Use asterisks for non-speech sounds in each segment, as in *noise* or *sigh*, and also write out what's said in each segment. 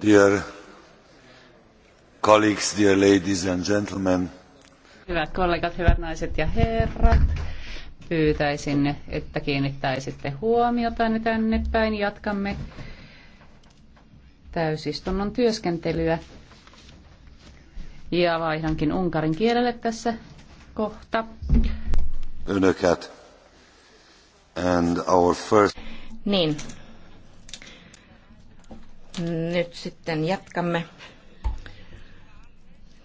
Dear colleagues, dear ladies and gentlemen. Hyvät kollegat, hyvät naiset ja herrat, pyytäisin, että kiinnittäisitte huomiota tänne päin. Jatkamme täysistunnon työskentelyä. Ja vaihdankin unkarin kielelle tässä kohta. And our first... Niin, nyt sitten jatkamme.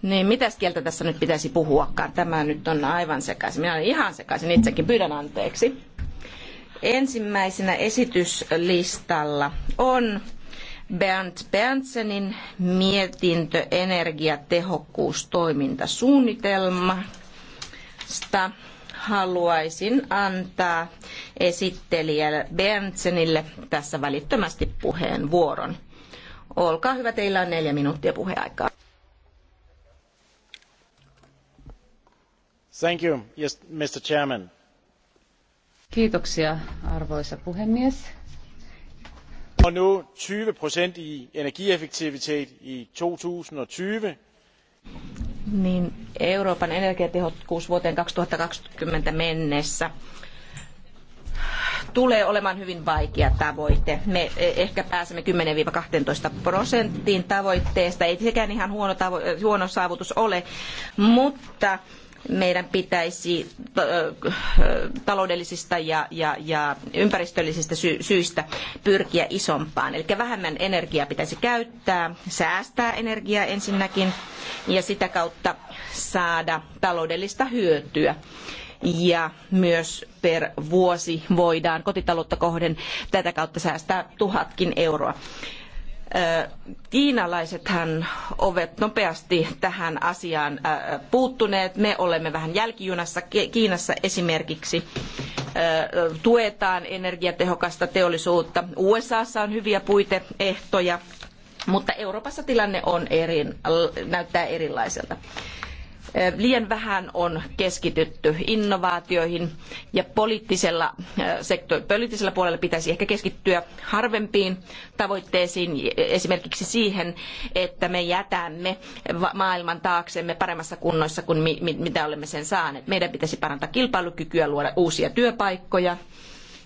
Niin, mitäs kieltä tässä nyt pitäisi puhuakaan? Tämä nyt on aivan sekaisin. Minä olen ihan sekaisin itsekin. Pyydän anteeksi. Ensimmäisenä esityslistalla on Bernd Berntsenin mietintö energiatehokkuustoimintasuunnitelmasta. Haluaisin antaa esittelijälle Berntsenille tässä välittömästi puheenvuoron. Olkaa hyvä, teillä on neljä minuuttia puheaikaa. Thank you, yes, Mr. Chairman. Kiitoksia, arvoisa puhemies. Og nu 20 procent i energieffektivitet i 2020. Niin Euroopan energiatehokkuus vuoteen 2020 mennessä tulee olemaan hyvin vaikea tavoite. Me eh, ehkä pääsemme 10-12 prosenttiin tavoitteesta. Ei sekään ihan huono, tavo- eh, huono saavutus ole, mutta meidän pitäisi eh, taloudellisista ja, ja, ja ympäristöllisistä syistä pyrkiä isompaan. Eli vähemmän energiaa pitäisi käyttää, säästää energiaa ensinnäkin ja sitä kautta saada taloudellista hyötyä ja myös per vuosi voidaan kotitaloutta kohden tätä kautta säästää tuhatkin euroa. Kiinalaisethan ovat nopeasti tähän asiaan puuttuneet. Me olemme vähän jälkijunassa. Kiinassa esimerkiksi tuetaan energiatehokasta teollisuutta. USAssa on hyviä puiteehtoja, mutta Euroopassa tilanne on eri, näyttää erilaiselta. Liian vähän on keskitytty innovaatioihin ja poliittisella, poliittisella puolella pitäisi ehkä keskittyä harvempiin tavoitteisiin, e, esimerkiksi siihen, että me jätämme maailman taaksemme paremmassa kunnossa kuin mitä olemme sen saaneet. Meidän pitäisi parantaa kilpailukykyä, luoda uusia työpaikkoja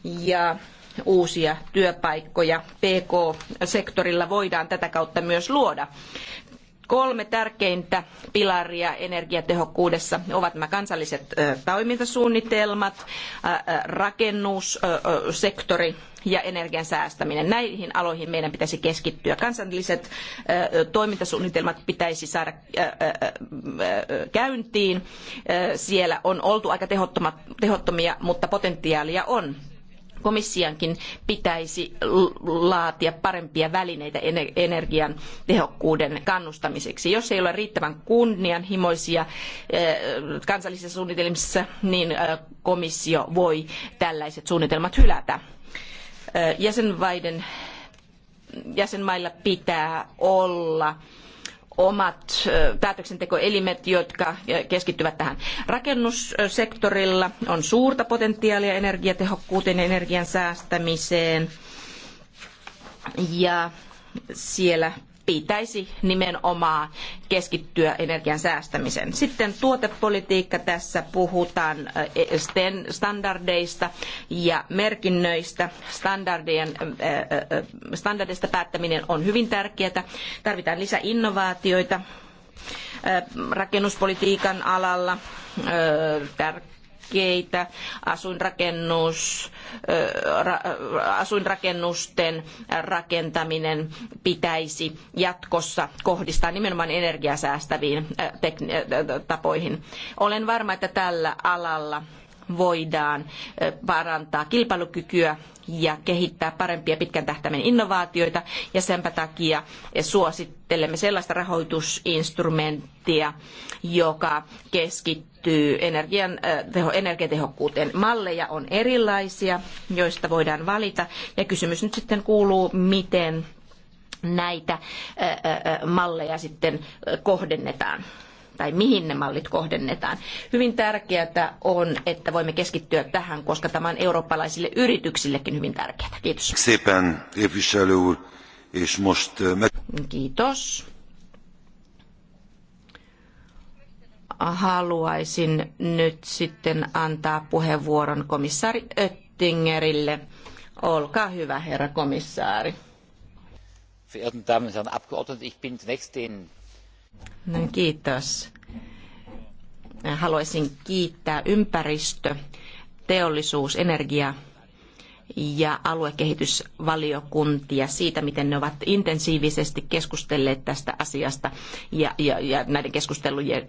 ja uusia työpaikkoja PK-sektorilla voidaan tätä kautta myös luoda. Kolme tärkeintä pilaria energiatehokkuudessa ovat nämä kansalliset toimintasuunnitelmat, rakennussektori ja energian säästäminen. Näihin aloihin meidän pitäisi keskittyä. Kansalliset toimintasuunnitelmat pitäisi saada käyntiin. Siellä on oltu aika tehottomia, mutta potentiaalia on komissiankin pitäisi laatia parempia välineitä energian tehokkuuden kannustamiseksi. Jos ei ole riittävän kunnianhimoisia eh, kansallisissa suunnitelmissa, niin eh, komissio voi tällaiset suunnitelmat hylätä. Eh, Jäsenmaiden, jäsenmailla pitää olla omat päätöksentekoelimet, jotka keskittyvät tähän. Rakennussektorilla on suurta potentiaalia energiatehokkuuteen ja energian säästämiseen. Ja siellä pitäisi nimenomaan keskittyä energian säästämiseen. Sitten tuotepolitiikka, tässä puhutaan eh, standardeista ja merkinnöistä. Standardien, eh, eh, standardeista päättäminen on hyvin tärkeää. Tarvitaan lisää innovaatioita rakennuspolitiikan alalla liikkeitä asuinrakennus, asuinrakennusten rakentaminen pitäisi jatkossa kohdistaa nimenomaan energiasäästäviin tapoihin. Olen varma, että tällä alalla voidaan parantaa kilpailukykyä ja kehittää parempia pitkän tähtäimen innovaatioita ja sen takia suosittelemme sellaista rahoitusinstrumenttia, joka keskittyy energian, äh, teho, energiatehokkuuteen. Malleja on erilaisia, joista voidaan valita ja kysymys nyt sitten kuuluu, miten näitä äh, äh, malleja sitten kohdennetaan tai mihin ne mallit kohdennetaan. Hyvin tärkeää on, että voimme keskittyä tähän, koska tämä on eurooppalaisille yrityksillekin hyvin tärkeää. Kiitos. Kiitos. Haluaisin nyt sitten antaa puheenvuoron komissaari Oettingerille. Olkaa hyvä, herra komissaari verehrten damen und herren ich bin zunächst den Kiitos. Haluaisin kiittää ympäristö, teollisuus, energia ja aluekehitysvaliokuntia siitä, miten ne ovat intensiivisesti keskustelleet tästä asiasta ja, ja, ja näiden keskustelujen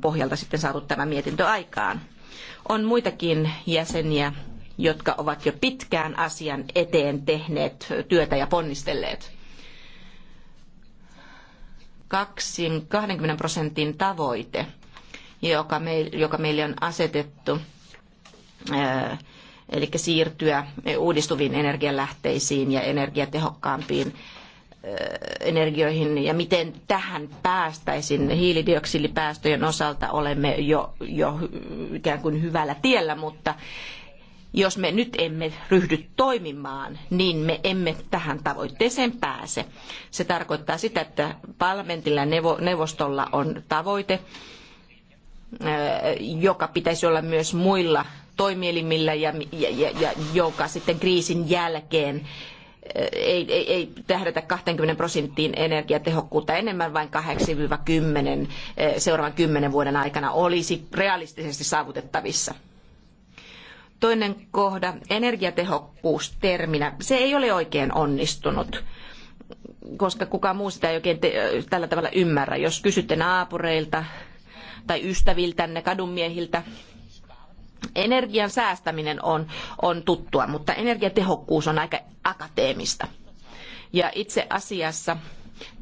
pohjalta sitten saatu tämä mietintö aikaan. On muitakin jäseniä, jotka ovat jo pitkään asian eteen tehneet työtä ja ponnistelleet kaksin, 20 prosentin tavoite, joka, me, joka meille on asetettu, eli siirtyä uudistuviin energialähteisiin ja energiatehokkaampiin energioihin ja miten tähän päästäisiin. Hiilidioksidipäästöjen osalta olemme jo, jo ikään kuin hyvällä tiellä, mutta jos me nyt emme ryhdy toimimaan, niin me emme tähän tavoitteeseen pääse. Se tarkoittaa sitä, että parlamentilla ja neuvostolla on tavoite, joka pitäisi olla myös muilla toimielimillä ja, ja, ja, ja joka sitten kriisin jälkeen ei, ei, ei tähdätä 20 prosenttiin energiatehokkuutta enemmän, vain 8-10 seuraavan kymmenen vuoden aikana olisi realistisesti saavutettavissa. Toinen kohda, energiatehokkuus terminä. Se ei ole oikein onnistunut koska kukaan muu sitä ei oikein tällä tavalla ymmärrä. Jos kysytte naapureilta tai ystäviltänne, kadunmiehiltä, energian säästäminen on, on tuttua, mutta energiatehokkuus on aika akateemista. Ja itse asiassa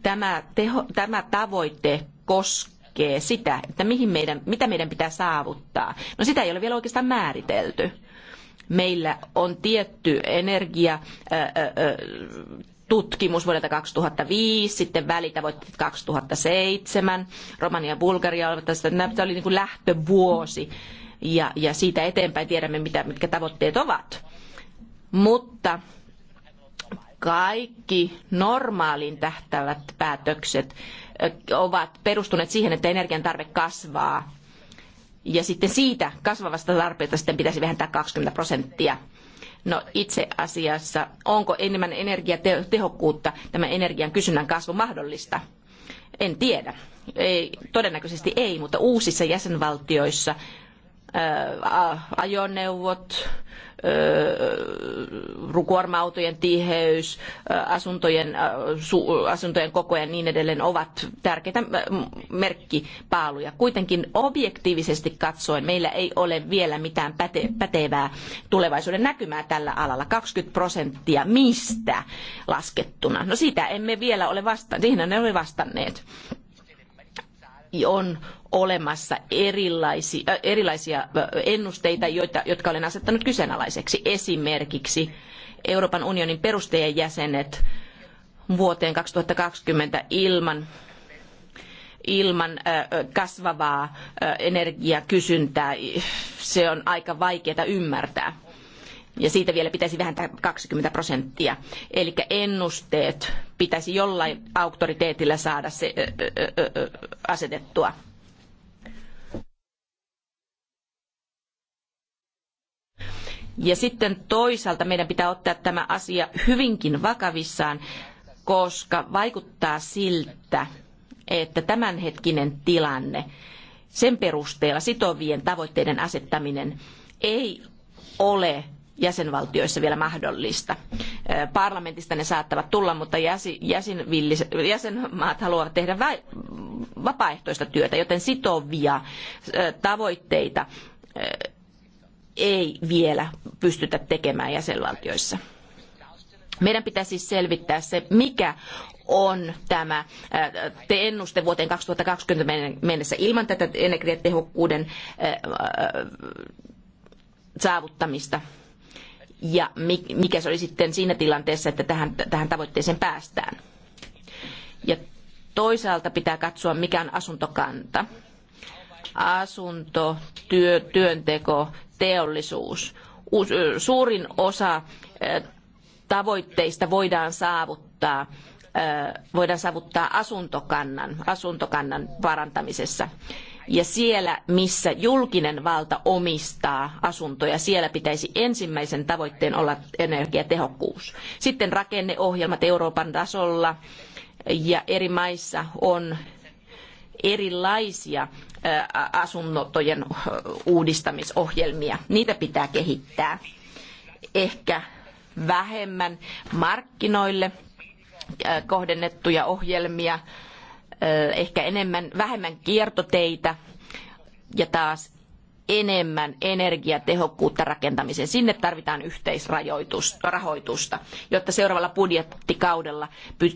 tämä, teho, tämä tavoite koskee sitä, että mihin meidän, mitä meidän pitää saavuttaa. No sitä ei ole vielä oikeastaan määritelty meillä on tietty energia tutkimus vuodelta 2005, sitten välitavoitteet 2007, Romania ja Bulgaria olivat tästä, tämä oli niin kuin lähtövuosi ja, ja siitä eteenpäin tiedämme, mitä, mitkä tavoitteet ovat. Mutta kaikki normaaliin tähtävät päätökset ovat perustuneet siihen, että energian tarve kasvaa ja sitten siitä kasvavasta tarpeesta sitten pitäisi vähentää 20 prosenttia. No itse asiassa, onko enemmän energiatehokkuutta tämän energian kysynnän kasvu mahdollista? En tiedä. Ei, todennäköisesti ei, mutta uusissa jäsenvaltioissa ajoneuvot, kuorma-autojen tiheys, asuntojen, asuntojen koko ja niin edelleen ovat tärkeitä merkkipaaluja. Kuitenkin objektiivisesti katsoen meillä ei ole vielä mitään päte, pätevää tulevaisuuden näkymää tällä alalla. 20 prosenttia mistä laskettuna? No sitä emme vielä ole vastanneet, siihen ne ole vastanneet on olemassa erilaisia, erilaisia ennusteita, joita, jotka olen asettanut kyseenalaiseksi. Esimerkiksi Euroopan unionin perustajien jäsenet vuoteen 2020 ilman ilman kasvavaa energiakysyntää. Se on aika vaikeaa ymmärtää. Ja siitä vielä pitäisi vähentää 20 prosenttia. Eli ennusteet pitäisi jollain auktoriteetilla saada se asetettua. Ja sitten toisaalta meidän pitää ottaa tämä asia hyvinkin vakavissaan, koska vaikuttaa siltä, että tämänhetkinen tilanne, sen perusteella sitovien tavoitteiden asettaminen ei ole jäsenvaltioissa vielä mahdollista. Parlamentista ne saattavat tulla, mutta jäsenmaat haluavat tehdä vapaaehtoista työtä, joten sitovia tavoitteita ei vielä pystytä tekemään jäsenvaltioissa. Meidän pitää siis selvittää se, mikä on tämä ennuste vuoteen 2020 mennessä ilman tätä energiatehokkuuden saavuttamista ja mikä se oli sitten siinä tilanteessa, että tähän, tähän tavoitteeseen päästään. Ja toisaalta pitää katsoa, mikä on asuntokanta. Asunto, työ, työnteko teollisuus. Suurin osa tavoitteista voidaan saavuttaa voidaan saavuttaa asuntokannan, asuntokannan parantamisessa. Ja siellä, missä julkinen valta omistaa asuntoja, siellä pitäisi ensimmäisen tavoitteen olla energiatehokkuus. Sitten rakenneohjelmat Euroopan tasolla ja eri maissa on erilaisia asuntojen uudistamisohjelmia. Niitä pitää kehittää ehkä vähemmän markkinoille kohdennettuja ohjelmia, ehkä enemmän, vähemmän kiertoteitä ja taas enemmän energiatehokkuutta rakentamiseen. Sinne tarvitaan yhteisrahoitusta, jotta seuraavalla budjettikaudella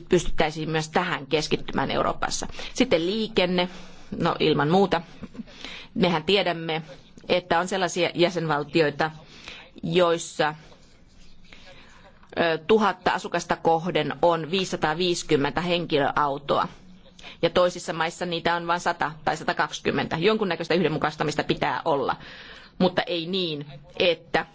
pystyttäisiin myös tähän keskittymään Euroopassa. Sitten liikenne, no ilman muuta. Mehän tiedämme, että on sellaisia jäsenvaltioita, joissa tuhatta asukasta kohden on 550 henkilöautoa ja toisissa maissa niitä on vain 100 tai 120. Jonkunnäköistä yhdenmukaistamista pitää olla, mutta ei niin, että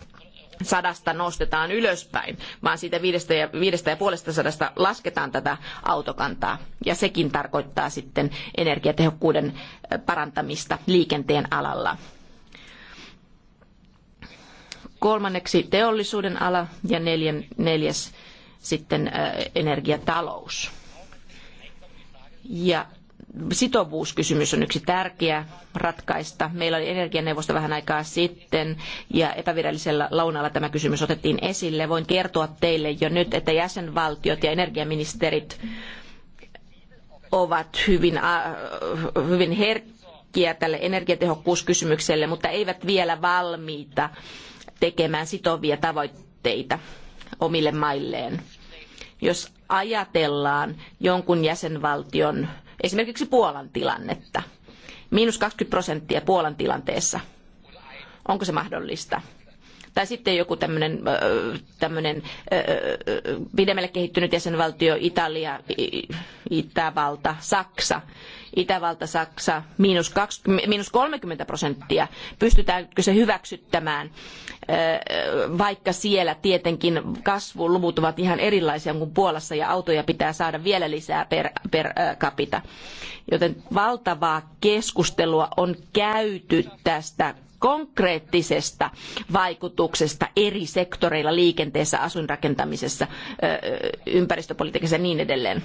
sadasta nostetaan ylöspäin, vaan siitä viidestä ja, viidestä ja puolesta sadasta lasketaan tätä autokantaa. Ja sekin tarkoittaa sitten energiatehokkuuden parantamista liikenteen alalla. Kolmanneksi teollisuuden ala ja neljän, neljäs sitten energiatalous. Ja sitovuuskysymys on yksi tärkeä ratkaista. Meillä oli energianeuvosto vähän aikaa sitten ja epävirallisella lounaalla tämä kysymys otettiin esille. Voin kertoa teille jo nyt, että jäsenvaltiot ja energiaministerit ovat hyvin, hyvin herkkiä tälle energiatehokkuuskysymykselle, mutta eivät vielä valmiita tekemään sitovia tavoitteita omille mailleen. Jos ajatellaan jonkun jäsenvaltion, esimerkiksi Puolan tilannetta, miinus 20 prosenttia Puolan tilanteessa, onko se mahdollista? tai sitten joku tämmöinen, tämmöinen pidemmälle kehittynyt jäsenvaltio, Italia, Itävalta, Saksa, Itävalta, Saksa, miinus, 20, miinus 30 prosenttia. Pystytäänkö se hyväksyttämään, vaikka siellä tietenkin kasvuluvut ovat ihan erilaisia kuin Puolassa ja autoja pitää saada vielä lisää per, per capita. Joten valtavaa keskustelua on käyty tästä konkreettisesta vaikutuksesta eri sektoreilla liikenteessä, asuinrakentamisessa, ympäristöpolitiikassa ja niin edelleen.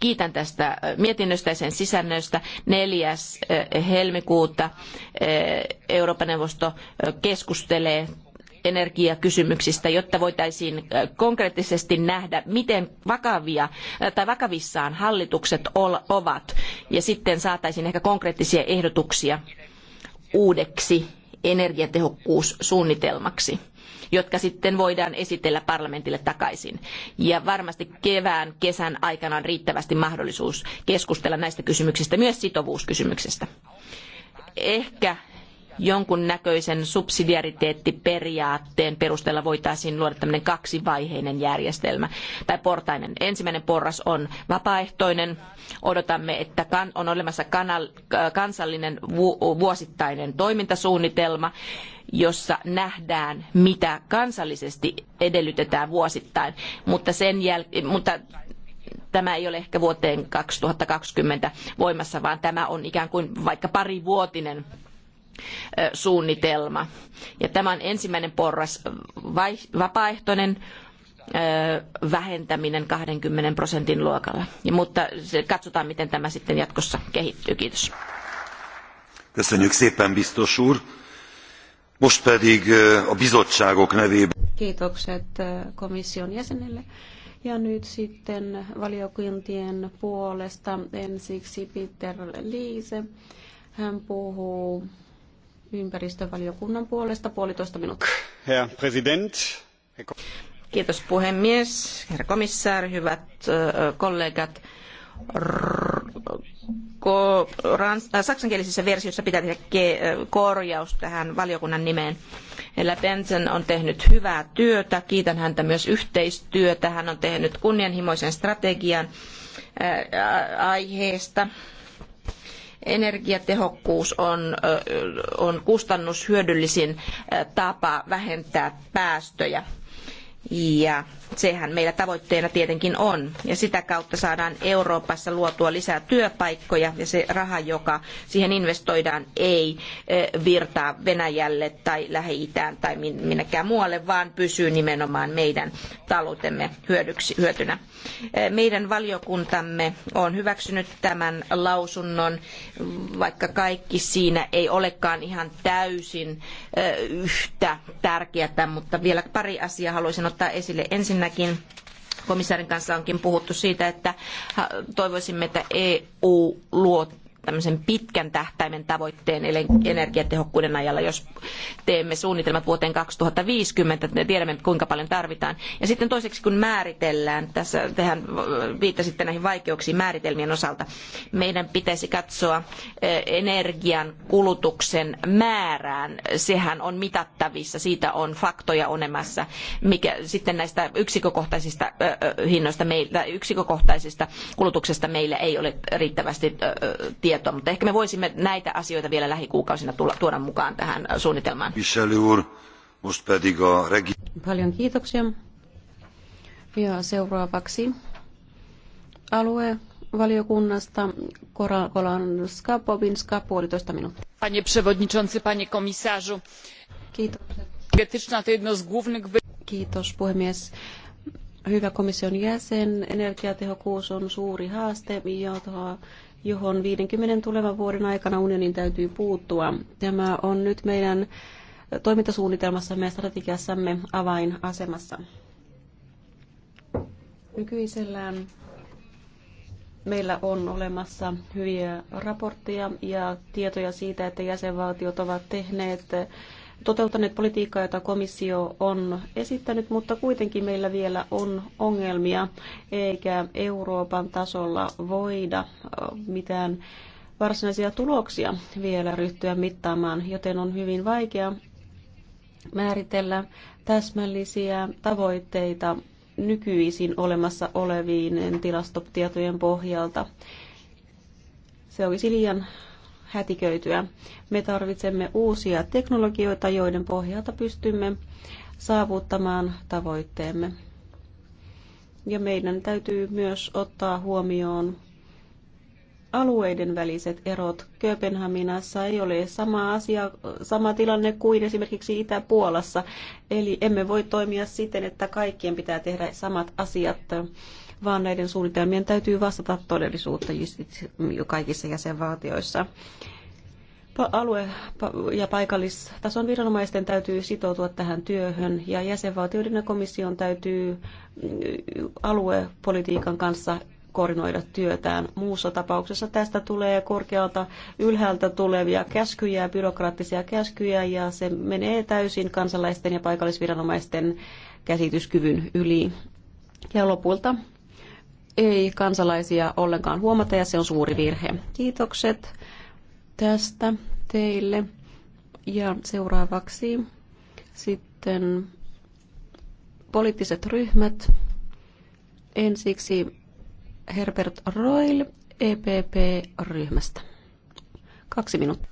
Kiitän tästä mietinnöstä ja sen sisännöstä. 4. helmikuuta Euroopan neuvosto keskustelee energiakysymyksistä, jotta voitaisiin konkreettisesti nähdä, miten vakavia tai vakavissaan hallitukset ovat, ja sitten saataisiin ehkä konkreettisia ehdotuksia uudeksi energiatehokkuussuunnitelmaksi jotka sitten voidaan esitellä parlamentille takaisin. Ja varmasti kevään, kesän aikana on riittävästi mahdollisuus keskustella näistä kysymyksistä, myös sitovuuskysymyksestä. Ehkä jonkun näköisen subsidiariteettiperiaatteen perusteella voitaisiin luoda tämmöinen kaksivaiheinen järjestelmä tai portainen. Ensimmäinen porras on vapaaehtoinen. Odotamme, että on olemassa äh, kansallinen vuosittainen toimintasuunnitelma, jossa nähdään, mitä kansallisesti edellytetään vuosittain, mutta, sen jäl- mutta tämä ei ole ehkä vuoteen 2020 voimassa, vaan tämä on ikään kuin vaikka parivuotinen suunnitelma. Ja tämä on ensimmäinen porras, vapaaehtoinen vähentäminen 20 prosentin luokalla. Mutta katsotaan, miten tämä sitten jatkossa kehittyy. Kiitos. Köszönjük szépen, biztos úr. Most pedig a bizottságok nevében. Kiitokset komission jäsenelle. Ja nyt sitten valiokuntien puolesta ensiksi Peter Liise. Hän puhuu ympäristövaliokunnan puolesta puolitoista minuuttia. Herr President. Kiitos puhemies, herra komissaari, hyvät kollegat. Äh, saksankielisessä versiossa pitää tehdä korjaus tähän valiokunnan nimeen. Ella Benson on tehnyt hyvää työtä, kiitän häntä myös yhteistyötä. Hän on tehnyt kunnianhimoisen strategian äh, aiheesta Energiatehokkuus on, on kustannushyödyllisin tapa vähentää päästöjä ja sehän meillä tavoitteena tietenkin on. Ja sitä kautta saadaan Euroopassa luotua lisää työpaikkoja ja se raha, joka siihen investoidaan, ei virtaa Venäjälle tai Lähi-Itään tai minnekään muualle, vaan pysyy nimenomaan meidän taloutemme hyödyksi, hyötynä. Meidän valiokuntamme on hyväksynyt tämän lausunnon, vaikka kaikki siinä ei olekaan ihan täysin yhtä tärkeätä, mutta vielä pari asiaa haluaisin ottaa ottaa esille. Ensinnäkin komissaarin kanssa onkin puhuttu siitä, että toivoisimme, että EU luo tämmöisen pitkän tähtäimen tavoitteen energiatehokkuuden ajalla, jos teemme suunnitelmat vuoteen 2050, niin tiedämme kuinka paljon tarvitaan. Ja sitten toiseksi kun määritellään, tässä tehän viittasitte näihin vaikeuksiin määritelmien osalta, meidän pitäisi katsoa eh, energian kulutuksen määrään. Sehän on mitattavissa, siitä on faktoja olemassa, mikä sitten näistä yksikokohtaisista eh, eh, hinnoista, meillä, yksikökohtaisista kulutuksesta meillä ei ole riittävästi tietoa tietoa, mutta ehkä me voisimme näitä asioita vielä lähikuukausina tuoda mukaan tähän äh, suunnitelmaan. Paljon kiitoksia. Ja seuraavaksi alue valiokunnasta Kolanska Bobinska puolitoista minuuttia. Panie przewodniczący, panie komisarzu. Kiitos. Energetyczna to jedno z Kiitos puhemies. Hyvä komission jäsen, energiatehokkuus on suuri haaste, jota johon 50 tulevan vuoden aikana unionin täytyy puuttua. Tämä on nyt meidän toimintasuunnitelmassamme ja strategiassamme avainasemassa. Nykyisellään meillä on olemassa hyviä raportteja ja tietoja siitä, että jäsenvaltiot ovat tehneet toteutaneet politiikkaa, jota komissio on esittänyt, mutta kuitenkin meillä vielä on ongelmia, eikä Euroopan tasolla voida mitään varsinaisia tuloksia vielä ryhtyä mittaamaan, joten on hyvin vaikea määritellä täsmällisiä tavoitteita nykyisin olemassa oleviin tilastotietojen pohjalta. Se olisi liian hätiköityä. Me tarvitsemme uusia teknologioita, joiden pohjalta pystymme saavuttamaan tavoitteemme. Ja meidän täytyy myös ottaa huomioon alueiden väliset erot. Kööpenhaminassa ei ole sama, asia, sama tilanne kuin esimerkiksi Itä-Puolassa, eli emme voi toimia siten, että kaikkien pitää tehdä samat asiat vaan näiden suunnitelmien täytyy vastata todellisuutta kaikissa jäsenvaltioissa. Alue- ja paikallistason viranomaisten täytyy sitoutua tähän työhön ja jäsenvaltioiden ja komission täytyy mm, aluepolitiikan kanssa koordinoida työtään. Muussa tapauksessa tästä tulee korkealta ylhäältä tulevia käskyjä, byrokraattisia käskyjä ja se menee täysin kansalaisten ja paikallisviranomaisten käsityskyvyn yli. Ja lopulta ei kansalaisia ollenkaan huomata ja se on suuri virhe. Kiitokset tästä teille. Ja seuraavaksi sitten poliittiset ryhmät. Ensiksi Herbert Roil EPP-ryhmästä. Kaksi minuuttia.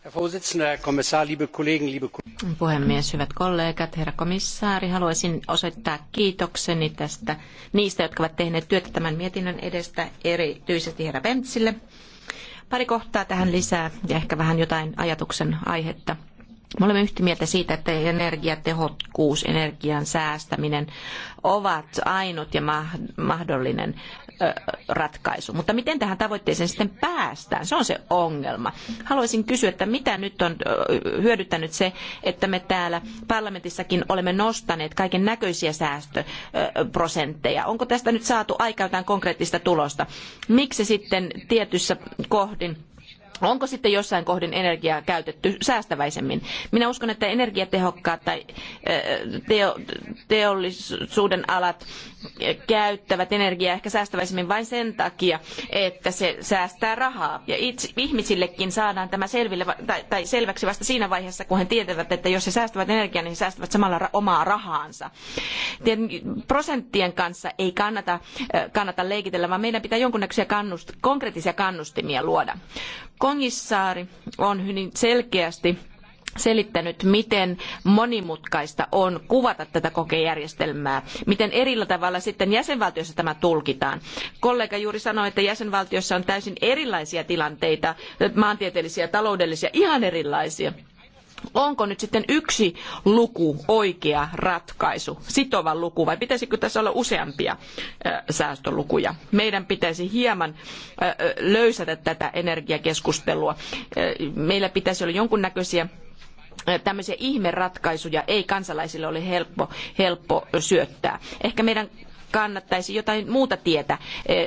Puhemies, hyvät kollegat, herra komissaari, haluaisin osoittaa kiitokseni tästä niistä, jotka ovat tehneet työtä tämän mietinnön edestä, erityisesti herra Bentsille. Pari kohtaa tähän lisää ja ehkä vähän jotain ajatuksen aihetta. Me olemme yhtä mieltä siitä, että energiatehokkuus, energian säästäminen ovat ainut ja mahdollinen ratkaisu. Mutta miten tähän tavoitteeseen sitten päästään? Se on se ongelma. Haluaisin kysyä, että mitä nyt on hyödyttänyt se, että me täällä parlamentissakin olemme nostaneet kaiken näköisiä säästöprosentteja. Onko tästä nyt saatu aikaan jotain konkreettista tulosta? Miksi sitten tietyssä kohdin Onko sitten jossain kohdin energiaa käytetty säästäväisemmin? Minä uskon, että energiatehokkaat tai teollisuuden alat käyttävät energiaa ehkä säästäväisemmin vain sen takia, että se säästää rahaa. Ja itse, ihmisillekin saadaan tämä selville, tai, tai selväksi vasta siinä vaiheessa, kun he tietävät, että jos he säästävät energiaa, niin he säästävät samalla ra- omaa rahaansa. Tien, prosenttien kanssa ei kannata, kannata leikitellä, vaan meidän pitää jonkunnäköisiä kannust- konkreettisia kannustimia luoda. Komissaari on hyvin selkeästi selittänyt, miten monimutkaista on kuvata tätä kokejärjestelmää, miten eri tavalla sitten jäsenvaltioissa tämä tulkitaan. Kollega juuri sanoi, että jäsenvaltioissa on täysin erilaisia tilanteita, maantieteellisiä, taloudellisia, ihan erilaisia. Onko nyt sitten yksi luku oikea ratkaisu, sitova luku, vai pitäisikö tässä olla useampia säästölukuja? Meidän pitäisi hieman löysätä tätä energiakeskustelua. meillä pitäisi olla jonkunnäköisiä tämmöisiä ihmeratkaisuja ei kansalaisille ole helppo, helppo syöttää. Ehkä meidän kannattaisi jotain muuta tietä,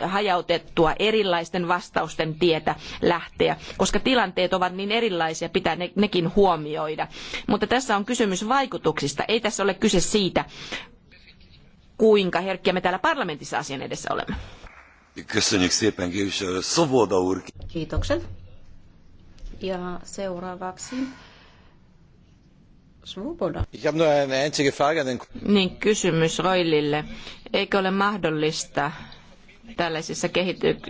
hajautettua erilaisten vastausten tietä lähteä, koska tilanteet ovat niin erilaisia, pitää ne, nekin huomioida. Mutta tässä on kysymys vaikutuksista, ei tässä ole kyse siitä, kuinka herkkiä me täällä parlamentissa asian edessä olemme. Kiitokset. Ja seuraavaksi Svoboda. Niin, kysymys Roilille. Eikö ole mahdollista tällaisissa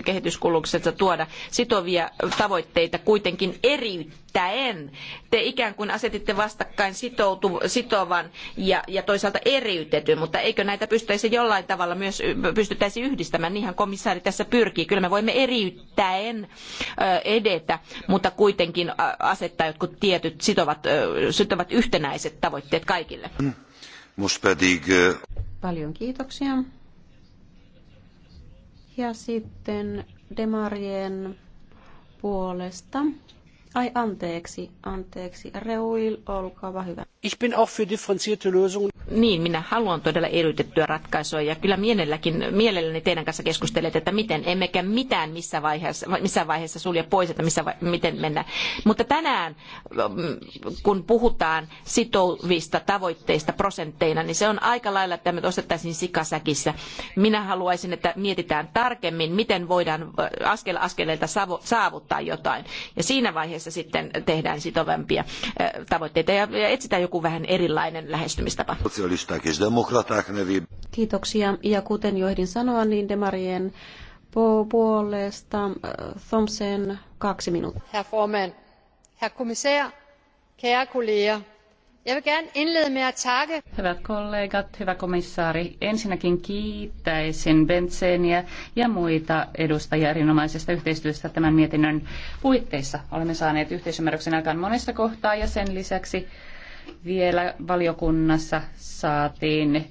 kehityskuluksissa tuoda sitovia tavoitteita kuitenkin eriyttäen. Te ikään kuin asetitte vastakkain sitoutu, sitovan ja, ja toisaalta eriytetyn, mutta eikö näitä pystyttäisi jollain tavalla myös pystyttäisi yhdistämään? Niinhän komissaari tässä pyrkii. Kyllä me voimme eriyttäen edetä, mutta kuitenkin asettaa jotkut tietyt sitovat, sitovat yhtenäiset tavoitteet kaikille. Mm. Paljon kiitoksia. Ja sitten Demarien puolesta. Ai anteeksi, anteeksi. Reuil, olkaa hyvä. Ich bin auch für differenzierte Lösungen. Niin, minä haluan todella eriytettyä ratkaisua ja kyllä mielelläkin, mielelläni teidän kanssa keskustelet, että miten, emmekä mitään missä vaiheessa, missä vaiheessa sulje pois, että missä, miten mennä. Mutta tänään, mm, kun puhutaan sitovista tavoitteista prosentteina, niin se on aika lailla, että me ostettaisiin sikasäkissä. Minä haluaisin, että mietitään tarkemmin, miten voidaan askel askeleelta saavuttaa jotain. Ja siinä vaiheessa sitten tehdään sitovampia tavoitteita ja etsitään joku joku vähän erilainen lähestymistapa. Kiitoksia. Ja kuten jo ehdin sanoa, niin Demarien puolesta äh, Thompson kaksi minuuttia. Herr Forman, herr kommissär, kära kolleger. med Hyvät kollegat, hyvä komissaari, ensinnäkin kiittäisin Bentseniä ja muita edustajia erinomaisesta yhteistyöstä tämän mietinnön puitteissa. Olemme saaneet yhteisymmärryksen aikaan monesta kohtaa ja sen lisäksi vielä valiokunnassa saatiin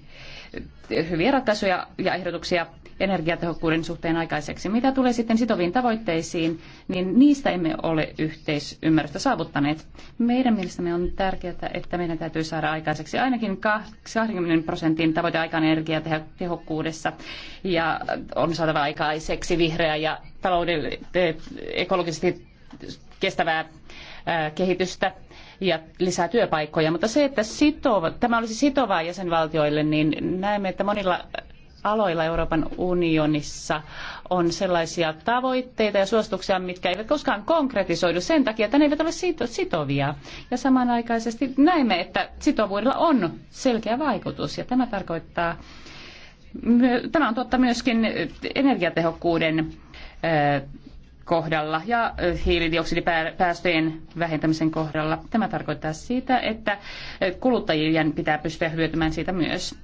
hyviä ratkaisuja ja ehdotuksia energiatehokkuuden suhteen aikaiseksi. Mitä tulee sitten sitoviin tavoitteisiin, niin niistä emme ole yhteisymmärrystä saavuttaneet. Meidän mielestämme on tärkeää, että meidän täytyy saada aikaiseksi ainakin 20 prosentin tavoite aikaan energiatehokkuudessa ja on saatava aikaiseksi vihreä ja taloudellisesti ekologisesti kestävää kehitystä ja lisää työpaikkoja, mutta se, että sitova, tämä olisi sitovaa jäsenvaltioille, niin näemme, että monilla aloilla Euroopan unionissa on sellaisia tavoitteita ja suosituksia, mitkä eivät koskaan konkretisoidu sen takia, että ne eivät ole sitovia. Ja samanaikaisesti näemme, että sitovuudella on selkeä vaikutus ja tämä tarkoittaa, tämä on totta myöskin energiatehokkuuden kohdalla ja hiilidioksidipäästöjen vähentämisen kohdalla. Tämä tarkoittaa sitä, että kuluttajien pitää pystyä hyötymään siitä myös.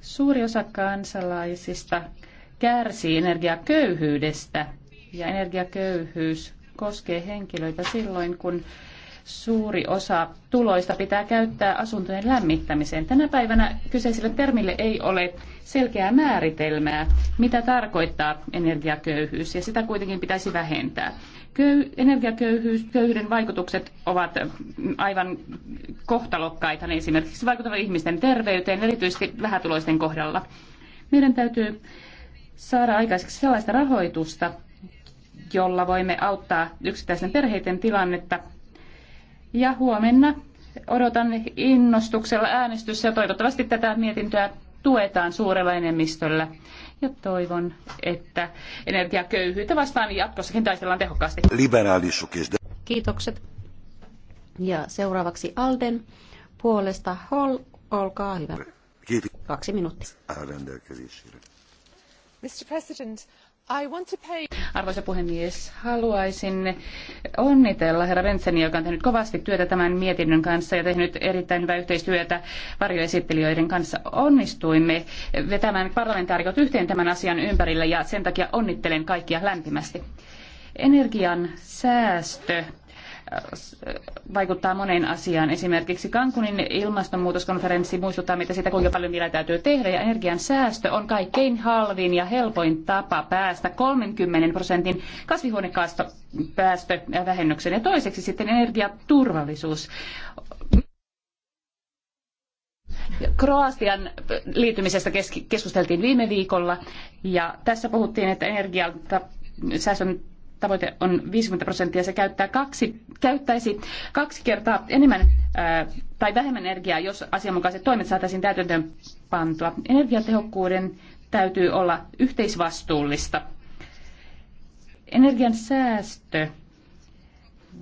Suuri osa kansalaisista kärsii energiaköyhyydestä ja energiaköyhyys koskee henkilöitä silloin, kun suuri osa tuloista pitää käyttää asuntojen lämmittämiseen. Tänä päivänä kyseiselle termille ei ole selkeää määritelmää, mitä tarkoittaa energiaköyhyys, ja sitä kuitenkin pitäisi vähentää. Köy- energiaköyhyyden vaikutukset ovat aivan kohtalokkaita, ne esimerkiksi vaikuttavat ihmisten terveyteen, erityisesti vähätuloisten kohdalla. Meidän täytyy saada aikaiseksi sellaista rahoitusta, jolla voimme auttaa yksittäisten perheiden tilannetta ja huomenna odotan innostuksella äänestyssä ja toivottavasti tätä mietintöä tuetaan suurella enemmistöllä. Ja toivon, että energiaköyhyyttä vastaan jatkossakin taistellaan tehokkaasti. Kiitokset. Ja seuraavaksi Alden puolesta Hall, olkaa hyvä. Kaksi minuuttia. Mr. President, Arvoisa puhemies, haluaisin onnitella herra Benseniä, joka on tehnyt kovasti työtä tämän mietinnön kanssa ja tehnyt erittäin hyvää yhteistyötä varjoesittelijöiden kanssa. Onnistuimme vetämään parlamentaarikot yhteen tämän asian ympärillä ja sen takia onnittelen kaikkia lämpimästi. Energian säästö vaikuttaa moneen asiaan. Esimerkiksi Cancunin ilmastonmuutoskonferenssi muistuttaa meitä siitä, kuinka paljon vielä täytyy tehdä. Ja energian säästö on kaikkein halvin ja helpoin tapa päästä 30 prosentin kasvihuonekaasupäästövähennykseen. Ja toiseksi sitten energiaturvallisuus. Kroatian liittymisestä keskusteltiin viime viikolla ja tässä puhuttiin, että energian tavoite on 50 prosenttia, se käyttää kaksi, käyttäisi kaksi kertaa enemmän ää, tai vähemmän energiaa, jos asianmukaiset toimet saataisiin täytäntöön pantua. Energiatehokkuuden täytyy olla yhteisvastuullista. Energian säästö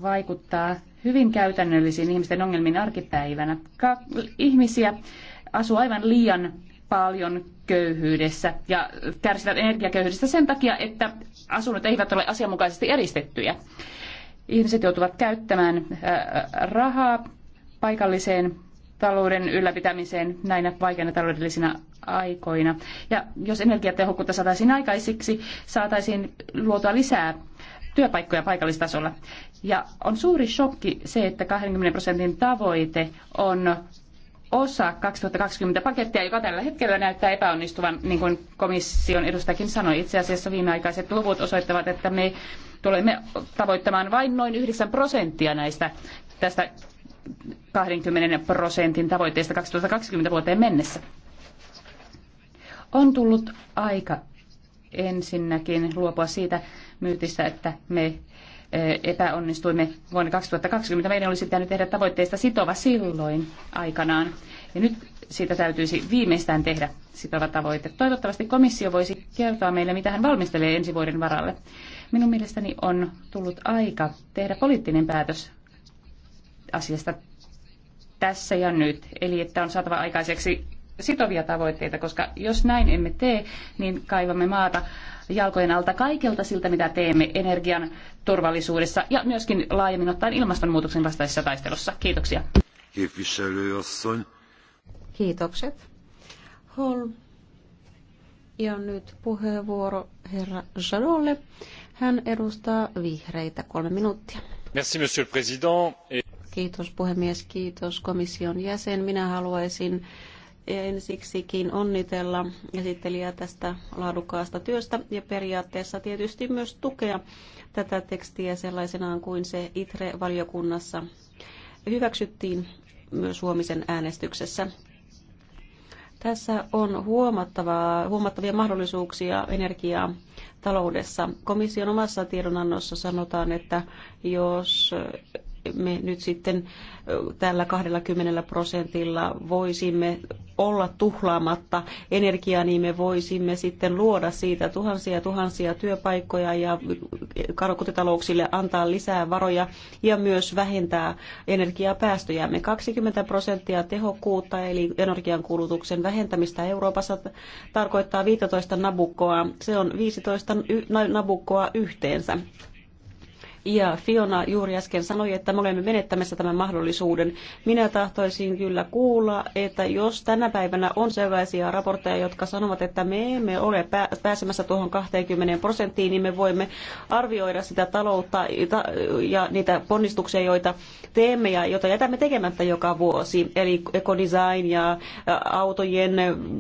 vaikuttaa hyvin käytännöllisiin ihmisten ongelmiin arkipäivänä. Ka- ihmisiä asuu aivan liian paljon köyhyydessä ja kärsivät energiaköyhyydestä sen takia, että asunnot eivät ole asianmukaisesti eristettyjä. Ihmiset joutuvat käyttämään rahaa paikalliseen talouden ylläpitämiseen näinä vaikeina taloudellisina aikoina. Ja jos energiatehokkuutta saataisiin aikaisiksi, saataisiin luotua lisää työpaikkoja paikallistasolla. Ja on suuri shokki se, että 20 prosentin tavoite on osa 2020 pakettia, joka tällä hetkellä näyttää epäonnistuvan, niin kuin komission edustajakin sanoi. Itse asiassa viimeaikaiset luvut osoittavat, että me tulemme tavoittamaan vain noin 9 prosenttia näistä tästä 20 prosentin tavoitteesta 2020 vuoteen mennessä. On tullut aika ensinnäkin luopua siitä myytistä, että me Eh, epäonnistuimme vuonna 2020. Meidän olisi pitänyt tehdä tavoitteista sitova silloin aikanaan. Ja nyt siitä täytyisi viimeistään tehdä sitova tavoite. Toivottavasti komissio voisi kertoa meille, mitä hän valmistelee ensi vuoden varalle. Minun mielestäni on tullut aika tehdä poliittinen päätös asiasta tässä ja nyt. Eli että on saatava aikaiseksi sitovia tavoitteita, koska jos näin emme tee, niin kaivamme maata jalkojen alta kaikelta siltä, mitä teemme energian turvallisuudessa ja myöskin laajemmin ottaen ilmastonmuutoksen vastaisessa taistelussa. Kiitoksia. Kiitokset. Hol. Ja nyt puheenvuoro herra Jadolle. Hän edustaa vihreitä kolme minuuttia. Merci, monsieur le président. Kiitos puhemies, kiitos komission jäsen. Minä haluaisin ensiksikin onnitella esittelijää tästä laadukkaasta työstä ja periaatteessa tietysti myös tukea tätä tekstiä sellaisenaan kuin se ITRE-valiokunnassa hyväksyttiin myös huomisen äänestyksessä. Tässä on huomattavaa, huomattavia mahdollisuuksia energiaa taloudessa. Komission omassa tiedonannossa sanotaan, että jos me nyt sitten tällä 20 prosentilla voisimme olla tuhlaamatta energiaa, niin me voisimme sitten luoda siitä tuhansia tuhansia työpaikkoja ja kotitalouksille antaa lisää varoja ja myös vähentää energiapäästöjämme. 20 prosenttia tehokkuutta eli energiankulutuksen vähentämistä Euroopassa tarkoittaa 15 nabukkoa. Se on 15 nabukkoa yhteensä. Ja Fiona juuri äsken sanoi, että me olemme menettämässä tämän mahdollisuuden. Minä tahtoisin kyllä kuulla, että jos tänä päivänä on sellaisia raportteja, jotka sanovat, että me emme ole pääsemässä tuohon 20 prosenttiin, niin me voimme arvioida sitä taloutta ja niitä ponnistuksia, joita teemme ja joita jätämme tekemättä joka vuosi. Eli ekodesign ja autojen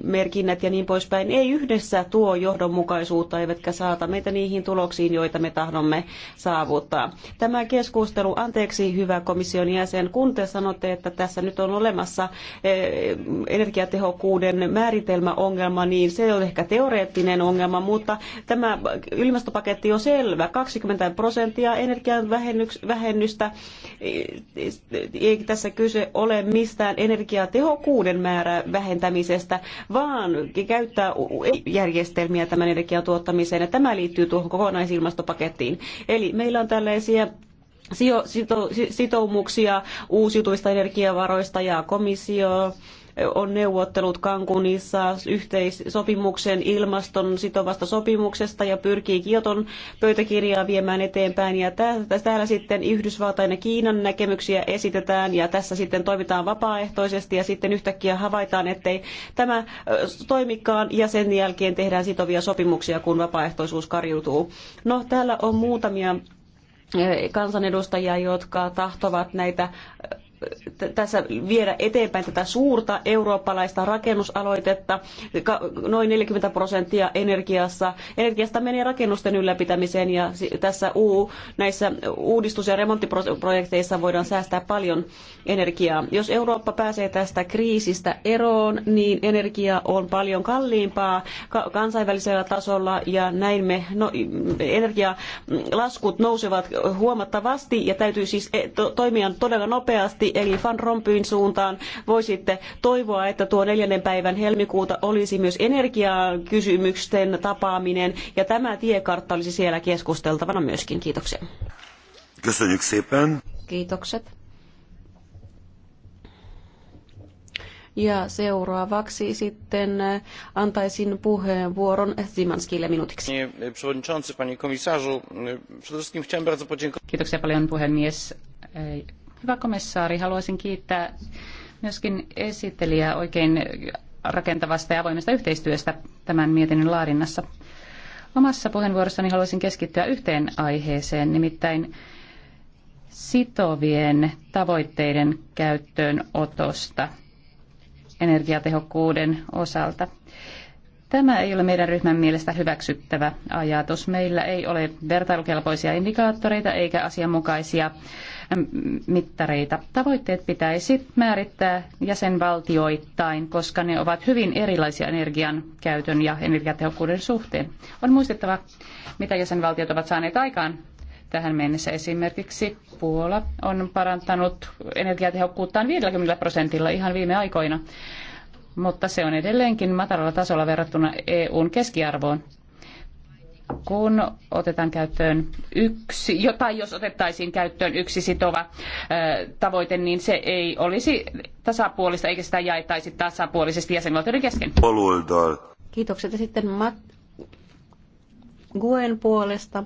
merkinnät ja niin poispäin ei yhdessä tuo johdonmukaisuutta, eivätkä saata meitä niihin tuloksiin, joita me tahdomme saavuttaa kohtaa. Tämä keskustelu, anteeksi hyvä komission jäsen, kun te sanotte, että tässä nyt on olemassa eh, energiatehokkuuden määritelmäongelma, niin se on ehkä teoreettinen ongelma, mutta tämä ilmastopaketti on selvä. 20 prosenttia energian vähennystä. Eh, ei tässä kyse ole mistään energiatehokkuuden määrä vähentämisestä, vaan käyttää järjestelmiä tämän energian tuottamiseen. Ja tämä liittyy tuohon kokonaisilmastopakettiin. Eli meillä on tämä tällaisia sitoumuksia uusiutuvista energiavaroista ja komissio on neuvottelut Kankunissa yhteissopimuksen ilmaston sitovasta sopimuksesta ja pyrkii Kioton pöytäkirjaa viemään eteenpäin. Ja täällä sitten Yhdysvaltain ja Kiinan näkemyksiä esitetään ja tässä sitten toimitaan vapaaehtoisesti ja sitten yhtäkkiä havaitaan, ettei tämä toimikaan ja sen jälkeen tehdään sitovia sopimuksia, kun vapaaehtoisuus karjutuu. No täällä on muutamia kansanedustajia, jotka tahtovat näitä tässä viedä eteenpäin tätä suurta eurooppalaista rakennusaloitetta. Noin 40 prosenttia energiassa, energiasta menee rakennusten ylläpitämiseen ja tässä U, näissä uudistus- ja remonttiprojekteissa voidaan säästää paljon energiaa. Jos Eurooppa pääsee tästä kriisistä eroon, niin energia on paljon kalliimpaa kansainvälisellä tasolla ja näin me no, energialaskut nousevat huomattavasti ja täytyy siis e, toimia todella nopeasti viesti, eli Van Rompuyn suuntaan voisitte toivoa, että tuo neljännen päivän helmikuuta olisi myös energiakysymysten tapaaminen, ja tämä tiekartta olisi siellä keskusteltavana myöskin. Kiitoksia. Kiitokset. Ja seuraavaksi sitten eh, antaisin puheenvuoron Zimanskille minuutiksi. Eh, eh, Kiitoksia paljon puhemies. Hyvä komissaari, haluaisin kiittää myöskin esittelijää oikein rakentavasta ja avoimesta yhteistyöstä tämän mietinnön laadinnassa. Omassa puheenvuorossani haluaisin keskittyä yhteen aiheeseen, nimittäin sitovien tavoitteiden käyttöönotosta energiatehokkuuden osalta. Tämä ei ole meidän ryhmän mielestä hyväksyttävä ajatus. Meillä ei ole vertailukelpoisia indikaattoreita eikä asianmukaisia mittareita. Tavoitteet pitäisi määrittää jäsenvaltioittain, koska ne ovat hyvin erilaisia energian käytön ja energiatehokkuuden suhteen. On muistettava, mitä jäsenvaltiot ovat saaneet aikaan tähän mennessä. Esimerkiksi Puola on parantanut energiatehokkuuttaan 50 prosentilla ihan viime aikoina, mutta se on edelleenkin matalalla tasolla verrattuna EUn keskiarvoon kun otetaan käyttöön yksi, jotain jos otettaisiin käyttöön yksi sitova tavoite, niin se ei olisi tasapuolista, eikä sitä jaettaisi tasapuolisesti jäsenvaltioiden kesken. Kiitokset. Ja sitten Matt Guen puolesta.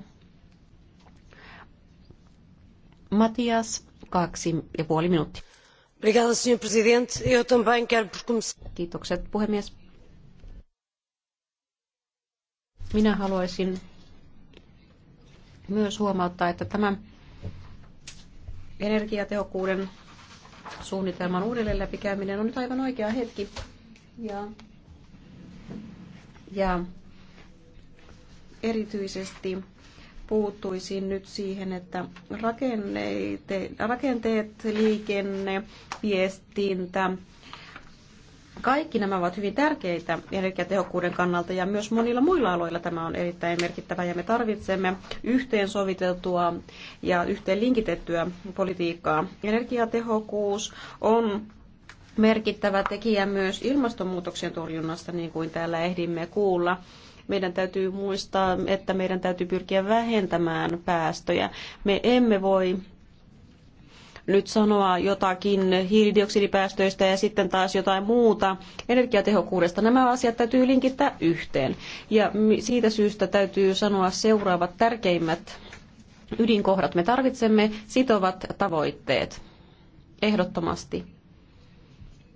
Matias, kaksi ja puoli minuuttia. Kiitokset puhemies. Minä haluaisin myös huomauttaa, että tämän energiatehokkuuden suunnitelman uudelleen läpikäyminen on nyt aivan oikea hetki. Ja, ja erityisesti puuttuisin nyt siihen, että rakenteet, rakenteet liikenne, viestintä, kaikki nämä ovat hyvin tärkeitä energiatehokkuuden kannalta ja myös monilla muilla aloilla tämä on erittäin merkittävä ja me tarvitsemme yhteensoviteltua ja yhteenlinkitettyä politiikkaa. Energiatehokkuus on merkittävä tekijä myös ilmastonmuutoksen torjunnassa, niin kuin täällä ehdimme kuulla meidän täytyy muistaa, että meidän täytyy pyrkiä vähentämään päästöjä. Me emme voi nyt sanoa jotakin hiilidioksidipäästöistä ja sitten taas jotain muuta energiatehokkuudesta. Nämä asiat täytyy linkittää yhteen. Ja siitä syystä täytyy sanoa seuraavat tärkeimmät ydinkohdat. Me tarvitsemme sitovat tavoitteet. Ehdottomasti.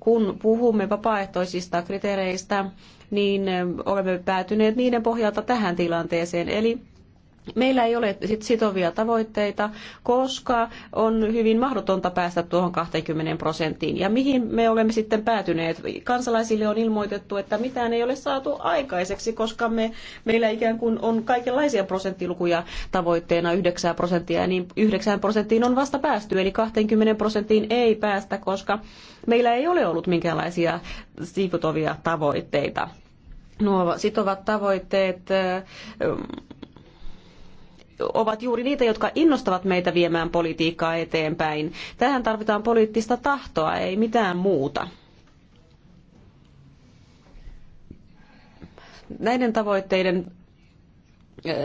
Kun puhumme vapaaehtoisista kriteereistä, niin olemme päätyneet niiden pohjalta tähän tilanteeseen. Eli Meillä ei ole sit sitovia tavoitteita, koska on hyvin mahdotonta päästä tuohon 20 prosenttiin. Ja mihin me olemme sitten päätyneet? Kansalaisille on ilmoitettu, että mitään ei ole saatu aikaiseksi, koska me, meillä ikään kuin on kaikenlaisia prosenttilukuja tavoitteena 9 prosenttia, niin 9 prosenttiin on vasta päästy, eli 20 prosenttiin ei päästä, koska meillä ei ole ollut minkäänlaisia sitovia tavoitteita nuo sitovat tavoitteet ovat juuri niitä, jotka innostavat meitä viemään politiikkaa eteenpäin. Tähän tarvitaan poliittista tahtoa, ei mitään muuta. Näiden tavoitteiden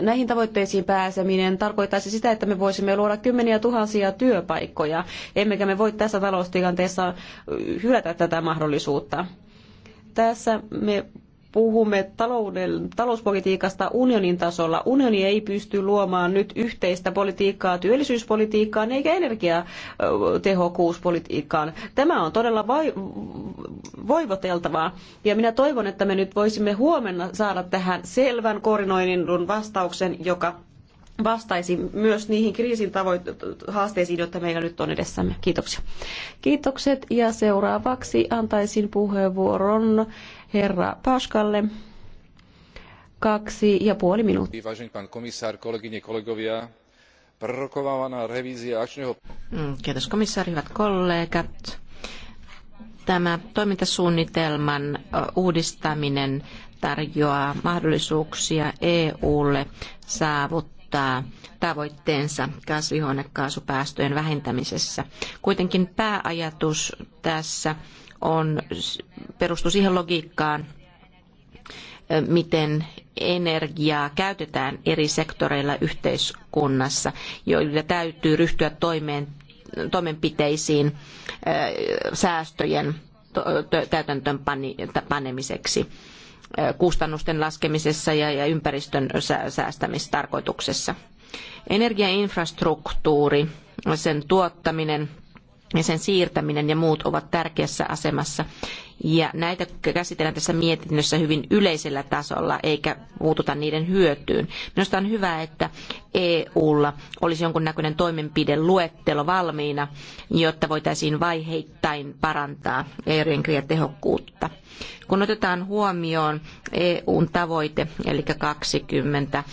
näihin tavoitteisiin pääseminen tarkoittaisi sitä, että me voisimme luoda kymmeniä tuhansia työpaikkoja, emmekä me voi tässä taloustilanteessa hylätä tätä mahdollisuutta. Tässä me puhumme talouden, talouspolitiikasta unionin tasolla. Unioni ei pysty luomaan nyt yhteistä politiikkaa työllisyyspolitiikkaan eikä energiatehokkuuspolitiikkaan. Tämä on todella vai, voivoteltavaa. Ja minä toivon, että me nyt voisimme huomenna saada tähän selvän koordinoinnin vastauksen, joka vastaisi myös niihin kriisin tavoit- haasteisiin, joita meillä nyt on edessämme. Kiitoksia. Kiitokset ja seuraavaksi antaisin puheenvuoron herra Paskalle. Kaksi ja puoli minuuttia. pan komisár, kolegyne, mm, Kiitos komissaari, hyvät kollegat. Tämä toimintasuunnitelman uudistaminen tarjoaa mahdollisuuksia EUlle saavuttaa saavuttaa tavoitteensa kasvihuonekaasupäästöjen vähentämisessä. Kuitenkin pääajatus tässä on, perustuu siihen logiikkaan, miten energiaa käytetään eri sektoreilla yhteiskunnassa, joilla täytyy ryhtyä toimeen, toimenpiteisiin säästöjen täytäntöön panemiseksi kustannusten laskemisessa ja ympäristön säästämistarkoituksessa. Energiainfrastruktuuri, sen tuottaminen ja sen siirtäminen ja muut ovat tärkeässä asemassa. Ja näitä käsitellään tässä mietinnössä hyvin yleisellä tasolla, eikä puututa niiden hyötyyn. Minusta on hyvä, että EUlla olisi jonkunnäköinen toimenpideluettelo valmiina, jotta voitaisiin vaiheittain parantaa energian tehokkuutta. Kun otetaan huomioon EUn tavoite, eli 20,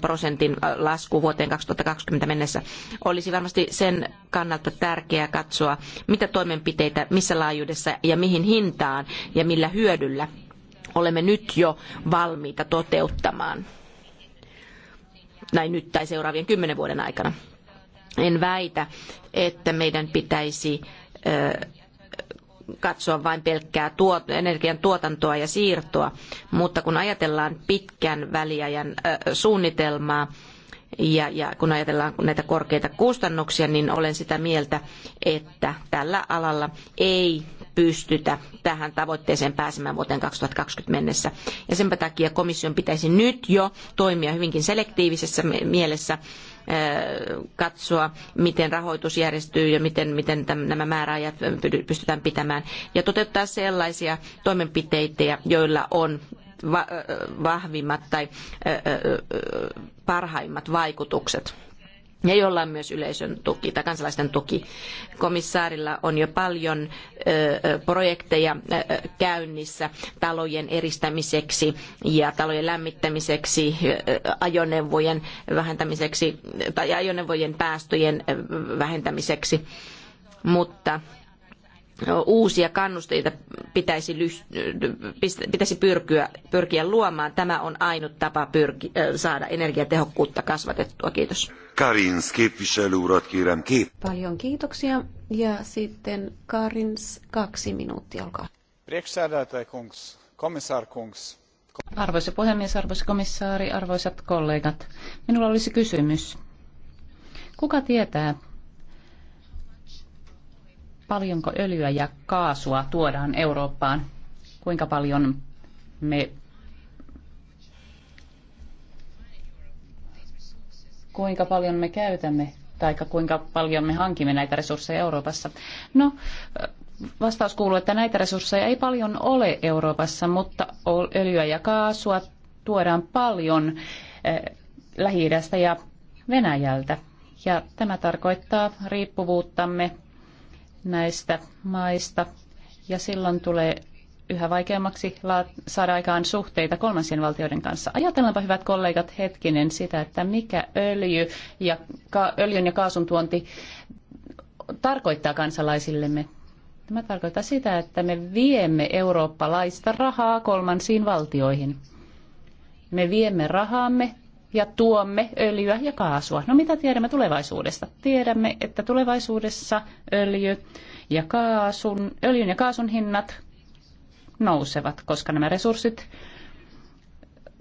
prosentin lasku vuoteen 2020 mennessä, olisi varmasti sen kannalta tärkeää katsoa, mitä toimenpiteitä, missä laajuudessa ja mihin hintaan ja millä hyödyllä olemme nyt jo valmiita toteuttamaan. Näin nyt tai seuraavien kymmenen vuoden aikana. En väitä, että meidän pitäisi katsoa vain pelkkää tuot, energian tuotantoa ja siirtoa, mutta kun ajatellaan pitkän väliajan suunnitelmaa, ja, ja kun ajatellaan näitä korkeita kustannuksia, niin olen sitä mieltä, että tällä alalla ei pystytä tähän tavoitteeseen pääsemään vuoteen 2020 mennessä. Ja sen takia komission pitäisi nyt jo toimia hyvinkin selektiivisessä mielessä katsoa, miten rahoitus järjestyy ja miten, miten nämä määräajat pystytään pitämään ja toteuttaa sellaisia toimenpiteitä, joilla on vahvimmat tai parhaimmat vaikutukset ja jolla on myös yleisön tuki tai kansalaisten tuki. Komissaarilla on jo paljon projekteja käynnissä talojen eristämiseksi ja talojen lämmittämiseksi, ajoneuvojen vähentämiseksi tai ajoneuvojen päästöjen vähentämiseksi. Mutta uusia kannusteita pitäisi, pitäisi pyrkyä, pyrkiä luomaan. Tämä on ainut tapa pyrki, saada energiatehokkuutta kasvatettua. Kiitos. Karins, képviselőurat kérem kép. Paljon kiitoksia. Ja sitten Karins, kaksi minuuttia, olkaa. Arvoisa puhemies, arvoisa komissaari, arvoisat kollegat. Minulla olisi kysymys. Kuka tietää, paljonko öljyä ja kaasua tuodaan Eurooppaan, kuinka paljon me kuinka paljon me käytämme tai kuinka paljon me hankimme näitä resursseja Euroopassa. No, vastaus kuuluu, että näitä resursseja ei paljon ole Euroopassa, mutta öljyä ja kaasua tuodaan paljon eh, lähi ja Venäjältä. Ja tämä tarkoittaa riippuvuuttamme näistä maista ja silloin tulee yhä vaikeammaksi saada aikaan suhteita kolmansien valtioiden kanssa. Ajatellaanpa, hyvät kollegat, hetkinen sitä, että mikä öljy ja ka- öljyn ja kaasun tuonti tarkoittaa kansalaisillemme. Tämä tarkoittaa sitä, että me viemme eurooppalaista rahaa kolmansiin valtioihin. Me viemme rahaamme ja tuomme öljyä ja kaasua. No mitä tiedämme tulevaisuudesta? Tiedämme, että tulevaisuudessa öljy ja kaasun, öljyn ja kaasun hinnat nousevat, koska nämä resurssit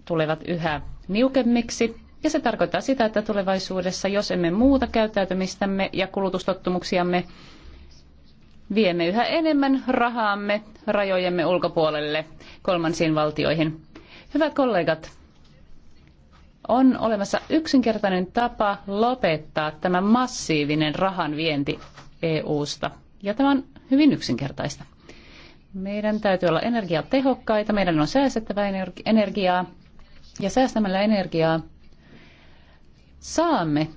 tulevat yhä niukemmiksi. Ja se tarkoittaa sitä, että tulevaisuudessa, jos emme muuta käyttäytymistämme ja kulutustottumuksiamme, viemme yhä enemmän rahaamme rajojemme ulkopuolelle kolmansiin valtioihin. Hyvät kollegat, on olemassa yksinkertainen tapa lopettaa tämä massiivinen rahan vienti EU-sta. Ja tämä on hyvin yksinkertaista. Meidän täytyy olla energiatehokkaita, meidän on säästettävä energiaa ja säästämällä energiaa saamme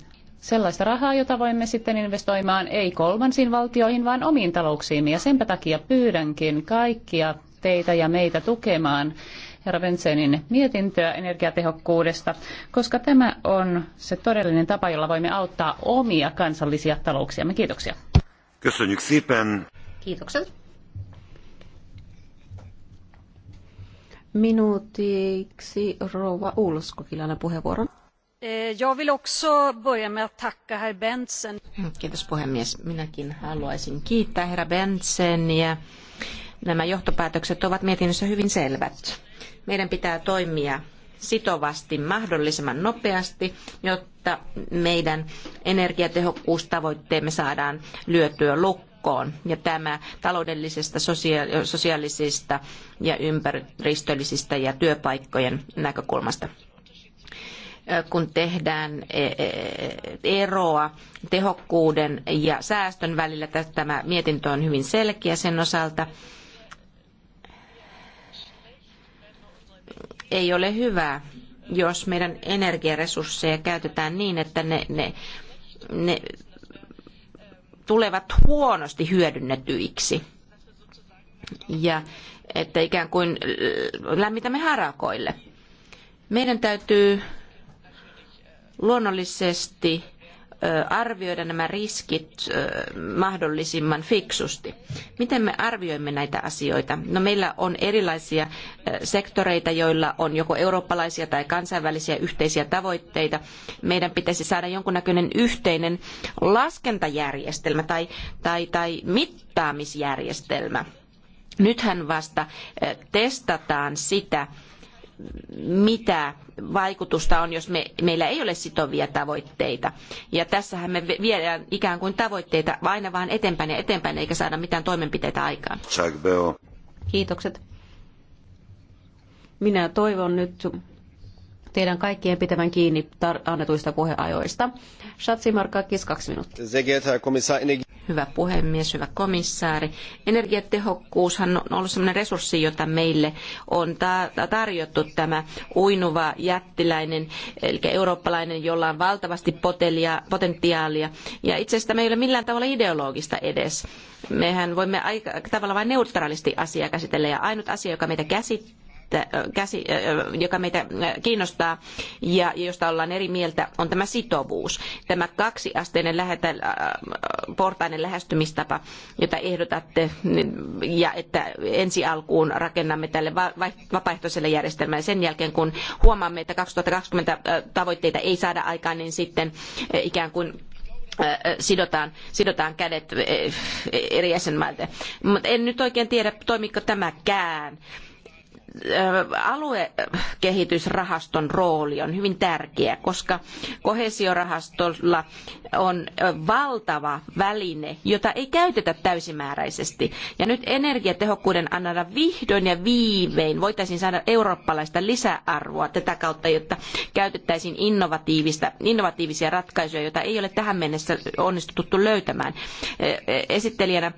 sellaista rahaa, jota voimme sitten investoimaan ei kolmansiin valtioihin, vaan omiin talouksiimme. Ja senpä takia pyydänkin kaikkia teitä ja meitä tukemaan herra Ventsenin mietintöä energiatehokkuudesta, koska tämä on se todellinen tapa, jolla voimme auttaa omia kansallisia talouksiamme. Kiitoksia. Kiitokset. Minuutiksi rouva Ulskokilana puheenvuoron. Eh, jag vill också börja med att tacka herr Bentsen. Kiitos puhemies. Minäkin haluaisin kiittää herra Bentseniä Nämä johtopäätökset ovat mietinnössä hyvin selvät. Meidän pitää toimia sitovasti mahdollisimman nopeasti, jotta meidän energiatehokkuustavoitteemme saadaan lyötyä lukkoon. Ja tämä taloudellisista, sosiaalisista ja ympäristöllisistä ja työpaikkojen näkökulmasta kun tehdään e, e, eroa tehokkuuden ja säästön välillä. Tämä mietintö on hyvin selkeä sen osalta. ei ole hyvä, jos meidän energiaresursseja käytetään niin, että ne, ne, ne tulevat huonosti hyödynnetyiksi. Ja että ikään kuin lämmitämme harakoille. Meidän täytyy luonnollisesti arvioida nämä riskit mahdollisimman fiksusti. Miten me arvioimme näitä asioita? No meillä on erilaisia sektoreita, joilla on joko eurooppalaisia tai kansainvälisiä yhteisiä tavoitteita. Meidän pitäisi saada jonkunnäköinen yhteinen laskentajärjestelmä tai, tai, tai mittaamisjärjestelmä. Nythän vasta testataan sitä, mitä vaikutusta on, jos me, meillä ei ole sitovia tavoitteita. Ja tässähän me viedään ikään kuin tavoitteita aina vaan eteenpäin ja eteenpäin, eikä saada mitään toimenpiteitä aikaan. Kiitokset. Minä toivon nyt teidän kaikkien pitävän kiinni annetuista puheajoista. Shatsi Markakis, kaksi minuuttia. Hyvä puhemies, hyvä komissaari. Energiatehokkuushan on ollut sellainen resurssi, jota meille on tarjottu tämä uinuva jättiläinen, eli eurooppalainen, jolla on valtavasti potentiaalia. Ja itse asiassa tämä ei ole millään tavalla ideologista edes. Mehän voimme aika tavalla vain neutraalisti asiaa käsitellä, ja ainut asia, joka meitä käsittää, käsi, joka meitä kiinnostaa ja josta ollaan eri mieltä, on tämä sitovuus. Tämä kaksiasteinen lähetä, portainen lähestymistapa, jota ehdotatte, ja että ensi alkuun rakennamme tälle vapaaehtoiselle järjestelmälle. Sen jälkeen, kun huomaamme, että 2020 tavoitteita ei saada aikaan, niin sitten ikään kuin sidotaan, sidotaan kädet eri jäsenmailta. Mutta en nyt oikein tiedä, toimiko tämäkään aluekehitysrahaston rooli on hyvin tärkeä, koska koheesiorahastolla on valtava väline, jota ei käytetä täysimääräisesti. Ja nyt energiatehokkuuden annalla vihdoin ja viimein voitaisiin saada eurooppalaista lisäarvoa tätä kautta, jotta käytettäisiin innovatiivista, innovatiivisia ratkaisuja, joita ei ole tähän mennessä onnistuttu löytämään. Esittelijänä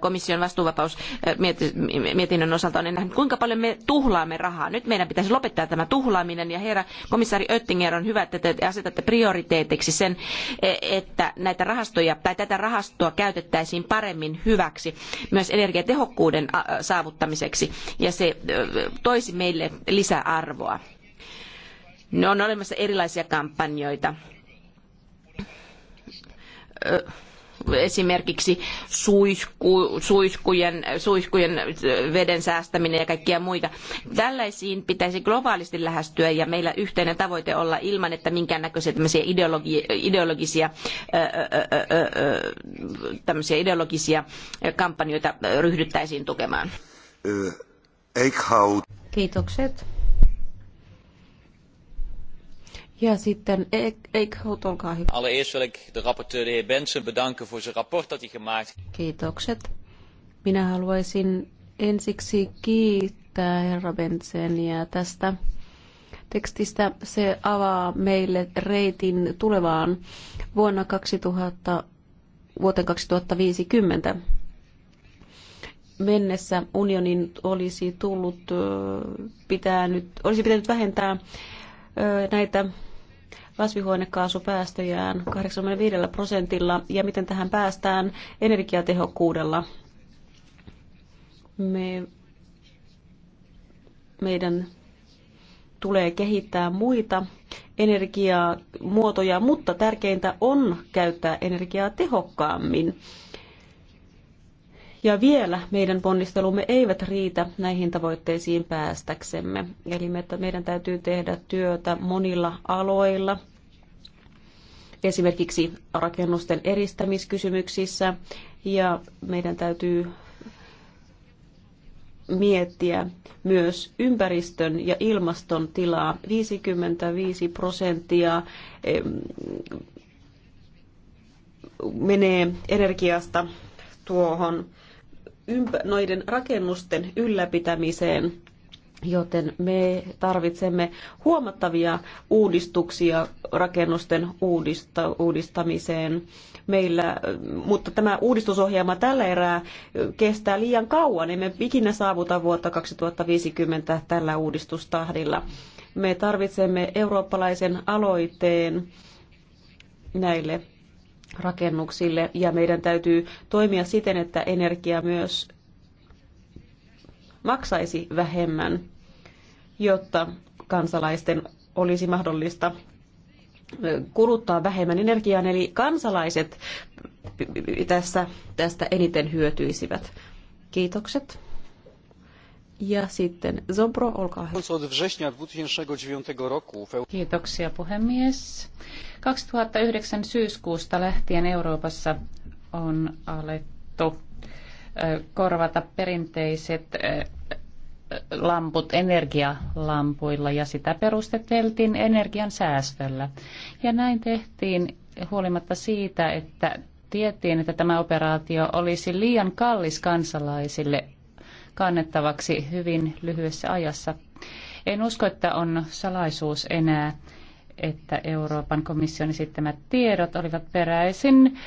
komission vastuuvapausmietinnön osalta on nähnyt, kuinka paljon me tuhlaamme rahaa. Nyt meidän pitäisi lopettaa tämä tuhlaaminen ja herra komissaari Oettinger on hyvä, että te asetatte prioriteetiksi sen, e, että näitä rahastoja tai tätä rahastoa käytettäisiin paremmin hyväksi myös energiatehokkuuden saavuttamiseksi ja se toisi meille lisäarvoa. No, on olemassa erilaisia kampanjoita. Ö, esimerkiksi suihku, suihkujen, suihkujen veden säästäminen ja kaikkia muita. Tällaisiin pitäisi globaalisti lähestyä ja meillä yhteinen tavoite olla ilman, että minkäännäköisiä tämmöisiä ideologi, ideologisia, tämmöisiä ideologisia kampanjoita ryhdyttäisiin tukemaan. Kiitokset. sitten olkaa hyvä. Allereerst wil ik de rapporteur de heer Benson bedanken voor zijn rapport dat hij gemaakt. Kiitokset. Minä haluaisin ensiksi kiittää herra Benseniä tästä tekstistä. Se avaa meille reitin tulevaan vuonna 2000, vuoteen 2050 mennessä unionin olisi tullut nyt, olisi pitänyt vähentää näitä kasvihuonekaasupäästöjään 85 prosentilla ja miten tähän päästään energiatehokkuudella. Me, meidän tulee kehittää muita energiamuotoja, mutta tärkeintä on käyttää energiaa tehokkaammin. Ja vielä meidän ponnistelumme eivät riitä näihin tavoitteisiin päästäksemme. Eli meidän täytyy tehdä työtä monilla aloilla, esimerkiksi rakennusten eristämiskysymyksissä, ja meidän täytyy miettiä myös ympäristön ja ilmaston tilaa. 55 prosenttia menee energiasta tuohon noiden rakennusten ylläpitämiseen joten me tarvitsemme huomattavia uudistuksia rakennusten uudista, uudistamiseen. Meillä, mutta tämä uudistusohjelma tällä erää kestää liian kauan. Emme ikinä saavuta vuotta 2050 tällä uudistustahdilla. Me tarvitsemme eurooppalaisen aloitteen näille rakennuksille ja meidän täytyy toimia siten, että energia myös maksaisi vähemmän, jotta kansalaisten olisi mahdollista kuluttaa vähemmän energiaa, eli kansalaiset tässä, tästä eniten hyötyisivät. Kiitokset. Ja sitten Zobro, olkaa hyvä. Kiitoksia puhemies. 2009 syyskuusta lähtien Euroopassa on alettu korvata perinteiset lamput energialampuilla ja sitä perusteltiin energian säästöllä. Ja näin tehtiin huolimatta siitä, että tiettiin, että tämä operaatio olisi liian kallis kansalaisille kannettavaksi hyvin lyhyessä ajassa. En usko, että on salaisuus enää, että Euroopan komission esittämät tiedot olivat peräisin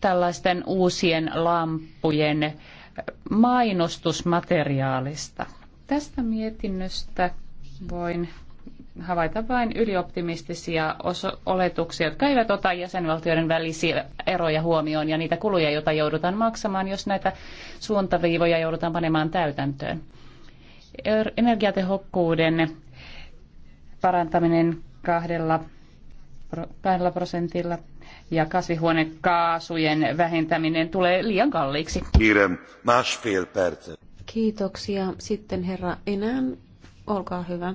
tällaisten uusien lampujen mainostusmateriaalista. Tästä mietinnöstä voin havaita vain ylioptimistisia oletuksia, jotka eivät ota jäsenvaltioiden välisiä eroja huomioon ja niitä kuluja, joita joudutaan maksamaan, jos näitä suuntaviivoja joudutaan panemaan täytäntöön. Energiatehokkuuden parantaminen kahdella, kahdella prosentilla ja kasvihuonekaasujen vähentäminen tulee liian kalliiksi. Kiitoksia. Sitten herra Enään, olkaa hyvä.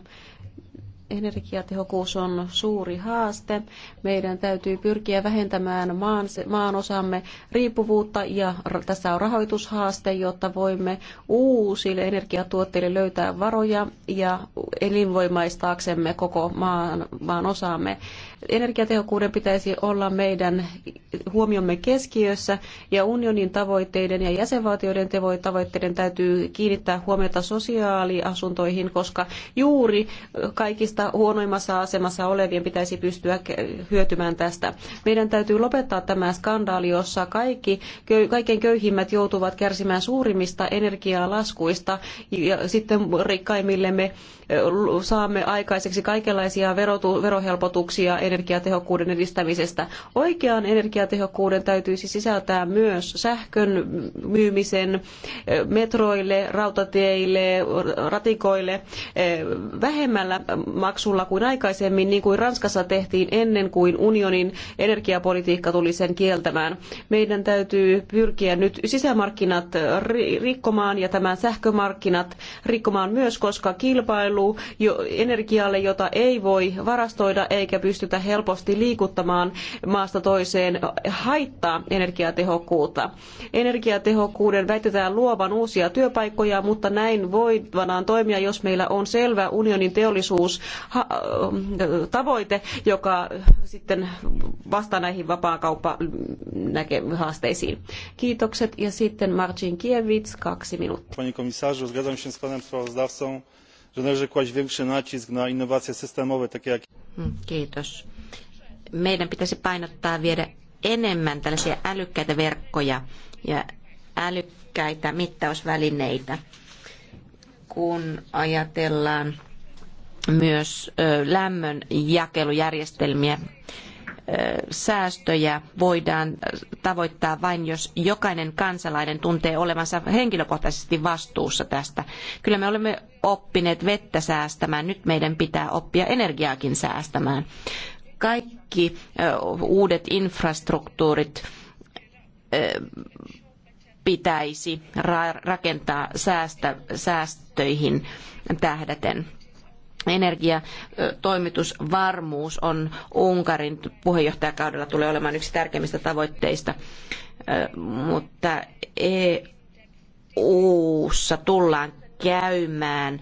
Energiatehokkuus on suuri haaste. Meidän täytyy pyrkiä vähentämään maan, maanosamme riippuvuutta ja tässä on rahoitushaaste, jotta voimme uusille energiatuotteille löytää varoja ja elinvoimaistaaksemme koko maan, maan osaamme. Energiatehokkuuden pitäisi olla meidän huomiomme keskiössä ja unionin tavoitteiden ja jäsenvaltioiden tavoitteiden täytyy kiinnittää huomiota sosiaaliasuntoihin, koska juuri kaikista huonoimmassa asemassa olevien pitäisi pystyä hyötymään tästä. Meidän täytyy lopettaa tämä skandaali, jossa kaikki, kaikkein köyhimmät joutuvat kärsimään suurimmista energialaskuista ja sitten rikkaimmillemme saamme aikaiseksi kaikenlaisia verotu, verohelpotuksia energiatehokkuuden edistämisestä. Oikean energiatehokkuuden täytyisi sisältää myös sähkön myymisen eh, metroille, rautateille, ratikoille eh, vähemmällä maksulla kuin aikaisemmin, niin kuin Ranskassa tehtiin ennen kuin unionin energiapolitiikka tuli sen kieltämään. Meidän täytyy pyrkiä nyt sisämarkkinat rikkomaan ja tämän sähkömarkkinat rikkomaan myös, koska kilpailu energialle, jota ei voi varastoida eikä pystytä helposti liikuttamaan maasta toiseen haittaa energiatehokkuutta. Energiatehokkuuden väitetään luovan uusia työpaikkoja, mutta näin voidaan toimia, jos meillä on selvä unionin teollisuustavoite, joka sitten vastaa näihin vapaakauppanäkehaasteisiin. Kiitokset ja sitten Marcin Kiewicz, kaksi minuuttia. Panie komisarzu, zgadzam się z panem sprawozdawcą że należy kłaść większy nacisk na innowacje systemowe, takie jak... Hmm, kiitos. Meidän pitäisi painottaa enemmän tällaisia älykkäitä verkkoja ja älykkäitä mittausvälineitä, kun ajatellaan myös lämmön jakelujärjestelmiä säästöjä voidaan tavoittaa vain, jos jokainen kansalainen tuntee olevansa henkilökohtaisesti vastuussa tästä. Kyllä me olemme oppineet vettä säästämään, nyt meidän pitää oppia energiaakin säästämään. Kaikki uudet infrastruktuurit pitäisi rakentaa säästöihin tähdäten energiatoimitusvarmuus on Unkarin puheenjohtajakaudella tulee olemaan yksi tärkeimmistä tavoitteista, mutta EU:ssa tullaan käymään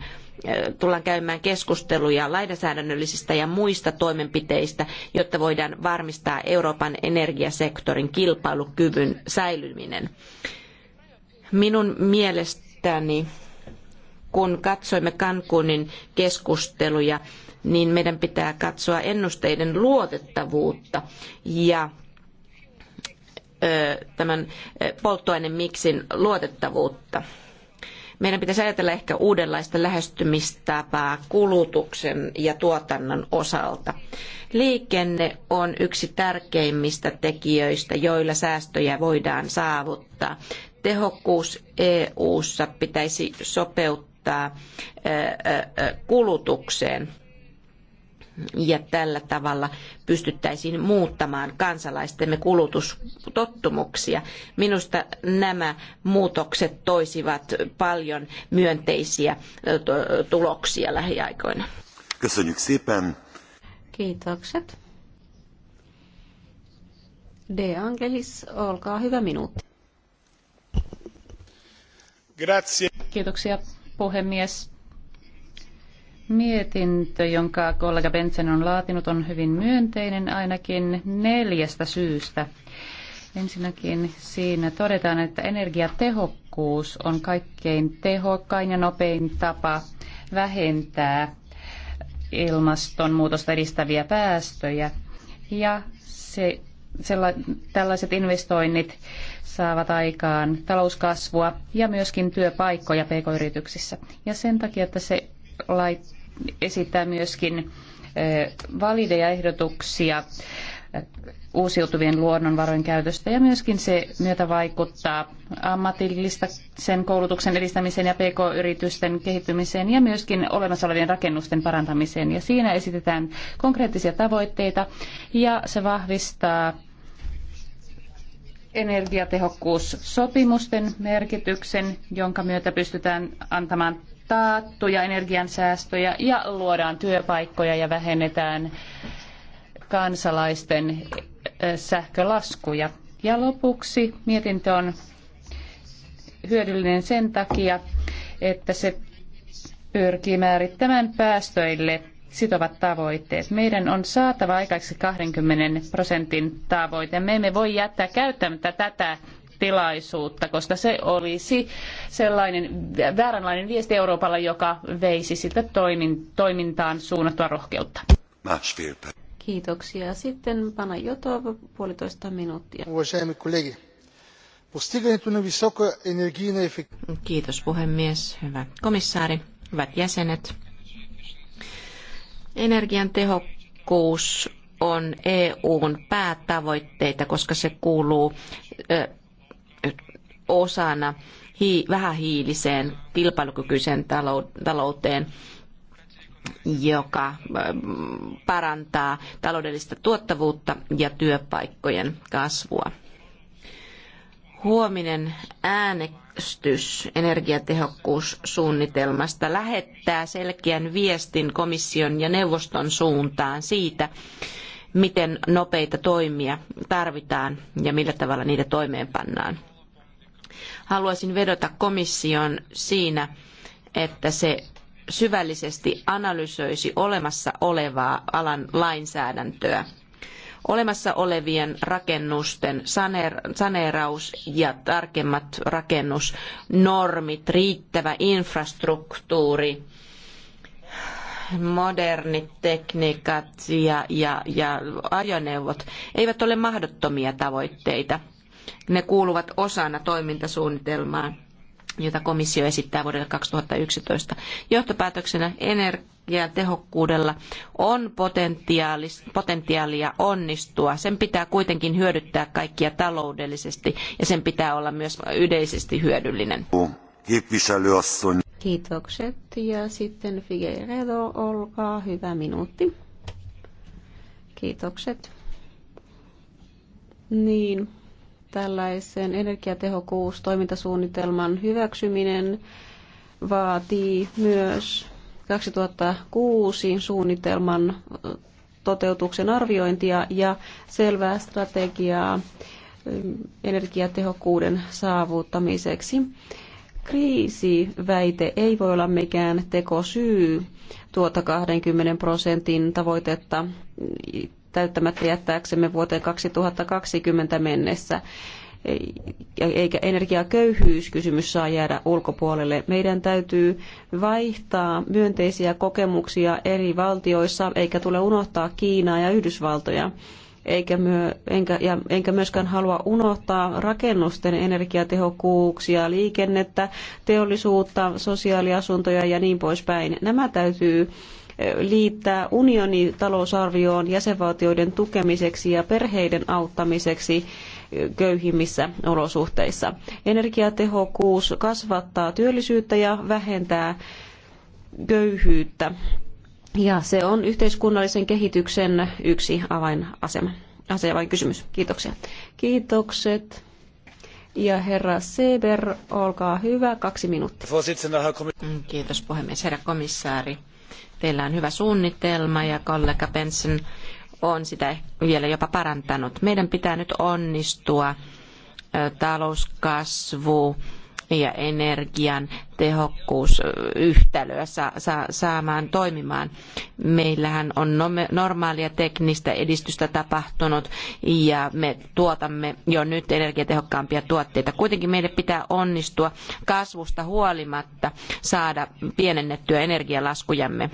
tullaan käymään keskusteluja lainsäädännöllisistä ja muista toimenpiteistä, jotta voidaan varmistaa Euroopan energiasektorin kilpailukyvyn säilyminen. Minun mielestäni kun katsoimme Cancunin keskusteluja, niin meidän pitää katsoa ennusteiden luotettavuutta ja tämän polttoainemiksin luotettavuutta. Meidän pitäisi ajatella ehkä uudenlaista lähestymistapaa kulutuksen ja tuotannon osalta. Liikenne on yksi tärkeimmistä tekijöistä, joilla säästöjä voidaan saavuttaa. Tehokkuus EU-ssa pitäisi sopeuttaa vaikuttaa kulutukseen ja tällä tavalla pystyttäisiin muuttamaan kansalaistemme kulutustottumuksia. Minusta nämä muutokset toisivat paljon myönteisiä tuloksia lähiaikoina. Kiitokset. De Angelis, olkaa hyvä minuutti. Grazie. Kiitoksia puhemies. Mietintö, jonka kollega Benson on laatinut, on hyvin myönteinen ainakin neljästä syystä. Ensinnäkin siinä todetaan, että energiatehokkuus on kaikkein tehokkain ja nopein tapa vähentää ilmastonmuutosta edistäviä päästöjä. Ja se tällaiset investoinnit saavat aikaan talouskasvua ja myöskin työpaikkoja pk-yrityksissä. Ja sen takia, että se lait, esittää myöskin valideja ehdotuksia uusiutuvien luonnonvarojen käytöstä ja myöskin se myötä vaikuttaa ammatillista sen koulutuksen edistämiseen ja pk-yritysten kehittymiseen ja myöskin olemassa olevien rakennusten parantamiseen. Ja siinä esitetään konkreettisia tavoitteita ja se vahvistaa energiatehokkuussopimusten merkityksen, jonka myötä pystytään antamaan taattuja energiansäästöjä ja luodaan työpaikkoja ja vähennetään kansalaisten sähkölaskuja. Ja lopuksi mietintö on hyödyllinen sen takia, että se pyrkii määrittämään päästöille sitovat tavoitteet. Meidän on saatava aikaiseksi 20 prosentin tavoite. Me emme voi jättää käyttämättä tätä tilaisuutta, koska se olisi sellainen vääränlainen viesti Euroopalla, joka veisi sitä toimintaan suunnattua rohkeutta. Kiitoksia. Sitten Pana Jotova, puolitoista minuuttia. Kiitos puhemies, hyvä komissaari, hyvät jäsenet. Energian tehokkuus on EUn päätavoitteita, koska se kuuluu ö, osana hii, vähähiiliseen kilpailukykyiseen talouteen, joka parantaa taloudellista tuottavuutta ja työpaikkojen kasvua. Huominen ääne, viestys energiatehokkuussuunnitelmasta lähettää selkeän viestin komission ja neuvoston suuntaan siitä, miten nopeita toimia tarvitaan ja millä tavalla niitä toimeenpannaan. Haluaisin vedota komissioon siinä, että se syvällisesti analysoisi olemassa olevaa alan lainsäädäntöä olemassa olevien rakennusten saneeraus ja tarkemmat rakennusnormit, riittävä infrastruktuuri, modernit tekniikat ja, ja, ja ajoneuvot eivät ole mahdottomia tavoitteita. Ne kuuluvat osana toimintasuunnitelmaan jota komissio esittää vuodelle 2011. Johtopäätöksenä energiatehokkuudella on potentiaalia onnistua. Sen pitää kuitenkin hyödyttää kaikkia taloudellisesti ja sen pitää olla myös yleisesti hyödyllinen. Kiitokset ja sitten Figueiredo, olkaa hyvä minuutti. Kiitokset. Niin, Tällaisen energiatehokkuustoimintasuunnitelman hyväksyminen vaatii myös 2006 suunnitelman toteutuksen arviointia ja selvää strategiaa energiatehokkuuden saavuttamiseksi. Kriisiväite ei voi olla mikään tekosyy tuota 20 prosentin tavoitetta täyttämättä jättääksemme vuoteen 2020 mennessä eikä energiaköyhyyskysymys saa jäädä ulkopuolelle. Meidän täytyy vaihtaa myönteisiä kokemuksia eri valtioissa, eikä tule unohtaa Kiinaa ja Yhdysvaltoja. Eikä, myö, enkä, ja, enkä myöskään halua unohtaa rakennusten energiatehokkuuksia, liikennettä, teollisuutta, sosiaaliasuntoja ja niin poispäin. Nämä täytyy liittää unionin talousarvioon jäsenvaltioiden tukemiseksi ja perheiden auttamiseksi köyhimmissä olosuhteissa. Energiatehokkuus kasvattaa työllisyyttä ja vähentää köyhyyttä. Ja se on yhteiskunnallisen kehityksen yksi avainasema. Asevain kysymys. Kiitoksia. Kiitokset. Ja herra Seber, olkaa hyvä, kaksi minuuttia. Kiitos puhemies, herra komissaari. Teillä on hyvä suunnitelma ja kollega Benson on sitä vielä jopa parantanut. Meidän pitää nyt onnistua talouskasvu ja energian tehokkuus yhtälöä saamaan toimimaan. Meillähän on normaalia teknistä edistystä tapahtunut ja me tuotamme jo nyt energiatehokkaampia tuotteita. Kuitenkin meidän pitää onnistua kasvusta huolimatta saada pienennettyä energialaskujamme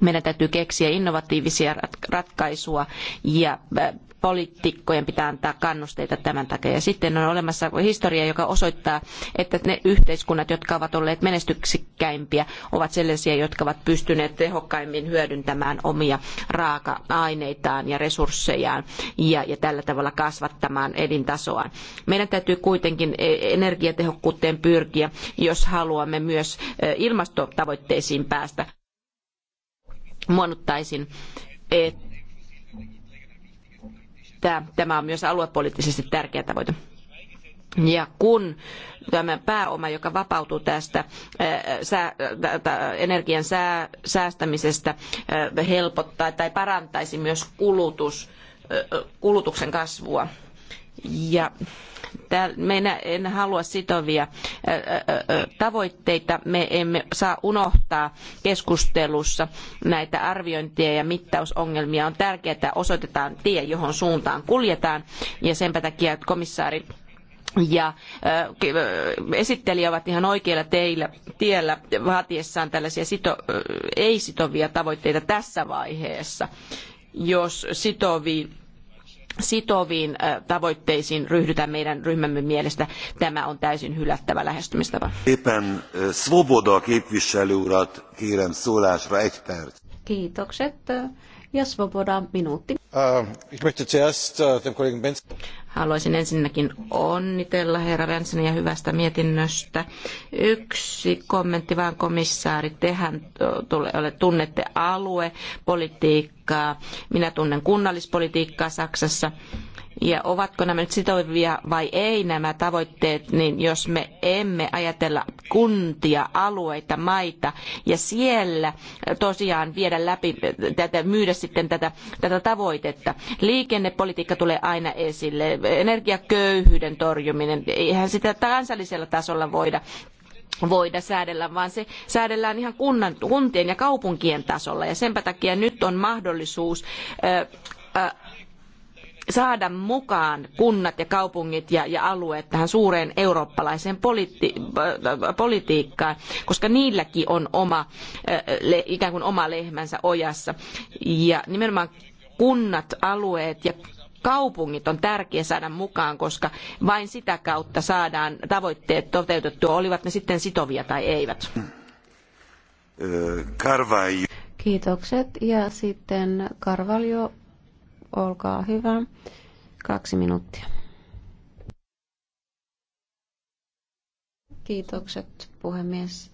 meidän täytyy keksiä innovatiivisia ratkaisuja ja äh, poliitikkojen pitää antaa kannusteita tämän takia. Ja sitten on olemassa historia, joka osoittaa, että ne yhteiskunnat, jotka ovat olleet menestyksekkäimpiä, ovat sellaisia, jotka ovat pystyneet tehokkaimmin hyödyntämään omia raaka-aineitaan ja resurssejaan ja, ja tällä tavalla kasvattamaan elintasoaan. Meidän täytyy kuitenkin e- energiatehokkuuteen pyrkiä, jos haluamme myös e, ilmastotavoitteisiin päästä muonuttaisin, että tämä on myös aluepoliittisesti tärkeä tavoite. Ja kun tämä pääoma, joka vapautuu tästä äh, äh, energian säästämisestä, äh, helpottaa tai parantaisi myös kulutus, kulutuksen kasvua ja Meillä en halua sitovia tavoitteita. Me emme saa unohtaa keskustelussa näitä arviointia ja mittausongelmia. On tärkeää, että osoitetaan tie, johon suuntaan kuljetaan. Ja sen takia komissaari ja esittelijä ovat ihan oikealla teillä, tiellä vaatiessaan tällaisia sito, ei sitovia tavoitteita tässä vaiheessa. Jos sitovia sitoviin äh, tavoitteisiin ryhdytä meidän ryhmämme mielestä. Tämä on täysin hylättävä lähestymistapa. Kiitokset. Ja Svoboda minuutti. Uh, ich möchte zuerst uh, dem Kollegen Benz... Haluaisin ensinnäkin onnitella herra Rensenia hyvästä mietinnöstä. Yksi kommentti vaan komissaari, tehän tunnette aluepolitiikkaa. Minä tunnen kunnallispolitiikkaa Saksassa ja ovatko nämä nyt sitovia vai ei nämä tavoitteet, niin jos me emme ajatella kuntia, alueita, maita ja siellä tosiaan viedä läpi, tätä, myydä sitten tätä, tätä tavoitetta. Liikennepolitiikka tulee aina esille, energiaköyhyyden torjuminen, eihän sitä kansallisella tasolla voida voida säädellä, vaan se säädellään ihan kunnan, kuntien ja kaupunkien tasolla. Ja senpä takia nyt on mahdollisuus ö, ö, saada mukaan kunnat ja kaupungit ja, ja alueet tähän suureen eurooppalaiseen politi äh, politiikkaan, koska niilläkin on oma, äh, ikään kuin oma lehmänsä ojassa. Ja nimenomaan kunnat, alueet ja kaupungit on tärkeä saada mukaan, koska vain sitä kautta saadaan tavoitteet toteutettua, olivat ne sitten sitovia tai eivät. Carvalho. Kiitokset. Ja sitten Karvaljo olkaa hyvä. Kaksi minuuttia. Kiitokset, puhemies.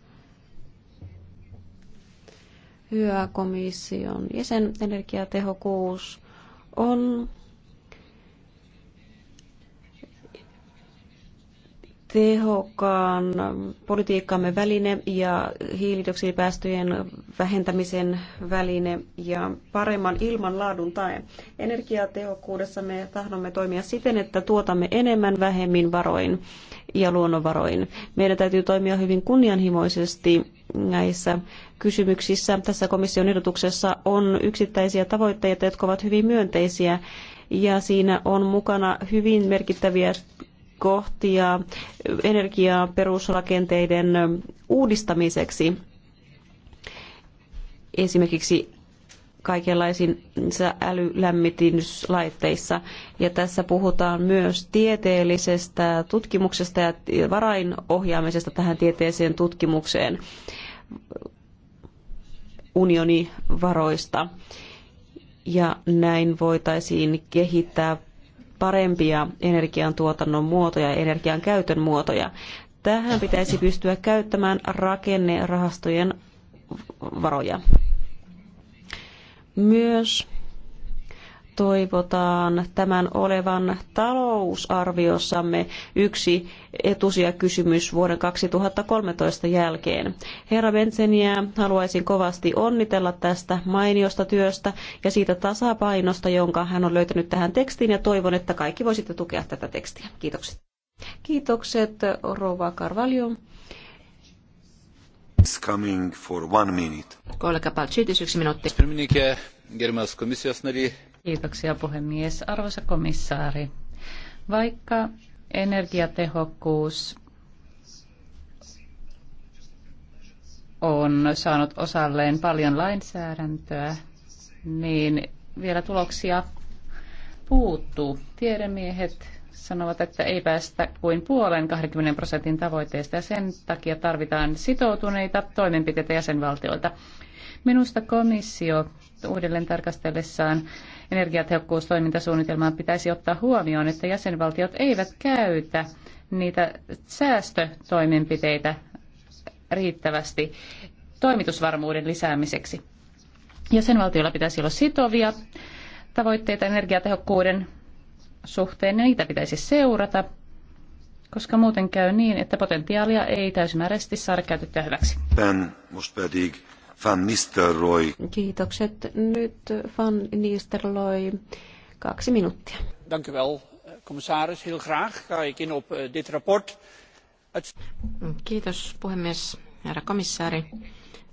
Hyvä komission jäsen, energiatehokkuus on tehokkaan politiikkamme väline ja hiilidioksidipäästöjen vähentämisen väline ja paremman ilmanlaadun tae. Energiatehokkuudessa me tahdomme toimia siten, että tuotamme enemmän vähemmin varoin ja luonnonvaroin. Meidän täytyy toimia hyvin kunnianhimoisesti näissä kysymyksissä. Tässä komission ehdotuksessa on yksittäisiä tavoitteita, jotka ovat hyvin myönteisiä ja siinä on mukana hyvin merkittäviä kohtia energiaa perusrakenteiden uudistamiseksi. Esimerkiksi kaikenlaisissa älylämmityslaitteissa. Ja tässä puhutaan myös tieteellisestä tutkimuksesta ja varainohjaamisesta tähän tieteeseen tutkimukseen unionivaroista. Ja näin voitaisiin kehittää parempia energiantuotannon muotoja ja energian käytön muotoja. Tähän pitäisi pystyä käyttämään rakennerahastojen varoja. Myös toivotaan tämän olevan talousarviossamme yksi etusia kysymys vuoden 2013 jälkeen. Herra Benseniä haluaisin kovasti onnitella tästä mainiosta työstä ja siitä tasapainosta, jonka hän on löytänyt tähän tekstiin ja toivon, että kaikki voisitte tukea tätä tekstiä. Kiitokset. Kiitokset Rova Carvalho. Coming for one minute. Kollega Palcitis, yksi minuutti. Kiitoksia puhemies. Arvoisa komissaari, vaikka energiatehokkuus on saanut osalleen paljon lainsäädäntöä, niin vielä tuloksia puuttuu. Tiedemiehet sanovat, että ei päästä kuin puolen 20 prosentin tavoitteesta ja sen takia tarvitaan sitoutuneita toimenpiteitä jäsenvaltioilta. Minusta komissio uudelleen tarkastellessaan energiatehokkuustoimintasuunnitelmaan pitäisi ottaa huomioon, että jäsenvaltiot eivät käytä niitä säästötoimenpiteitä riittävästi toimitusvarmuuden lisäämiseksi. Jäsenvaltioilla pitäisi olla sitovia tavoitteita energiatehokkuuden suhteen ja niitä pitäisi seurata, koska muuten käy niin, että potentiaalia ei täysimääräisesti saada käytettyä hyväksi. Van Nistelrooy. Kiitokset. Nyt Van Nistelrooy, kaksi minuuttia. Dank u wel, commissaris. Heel graag ga ik in op eh, dit rapport. Kiitos puhemies, herra komissaari.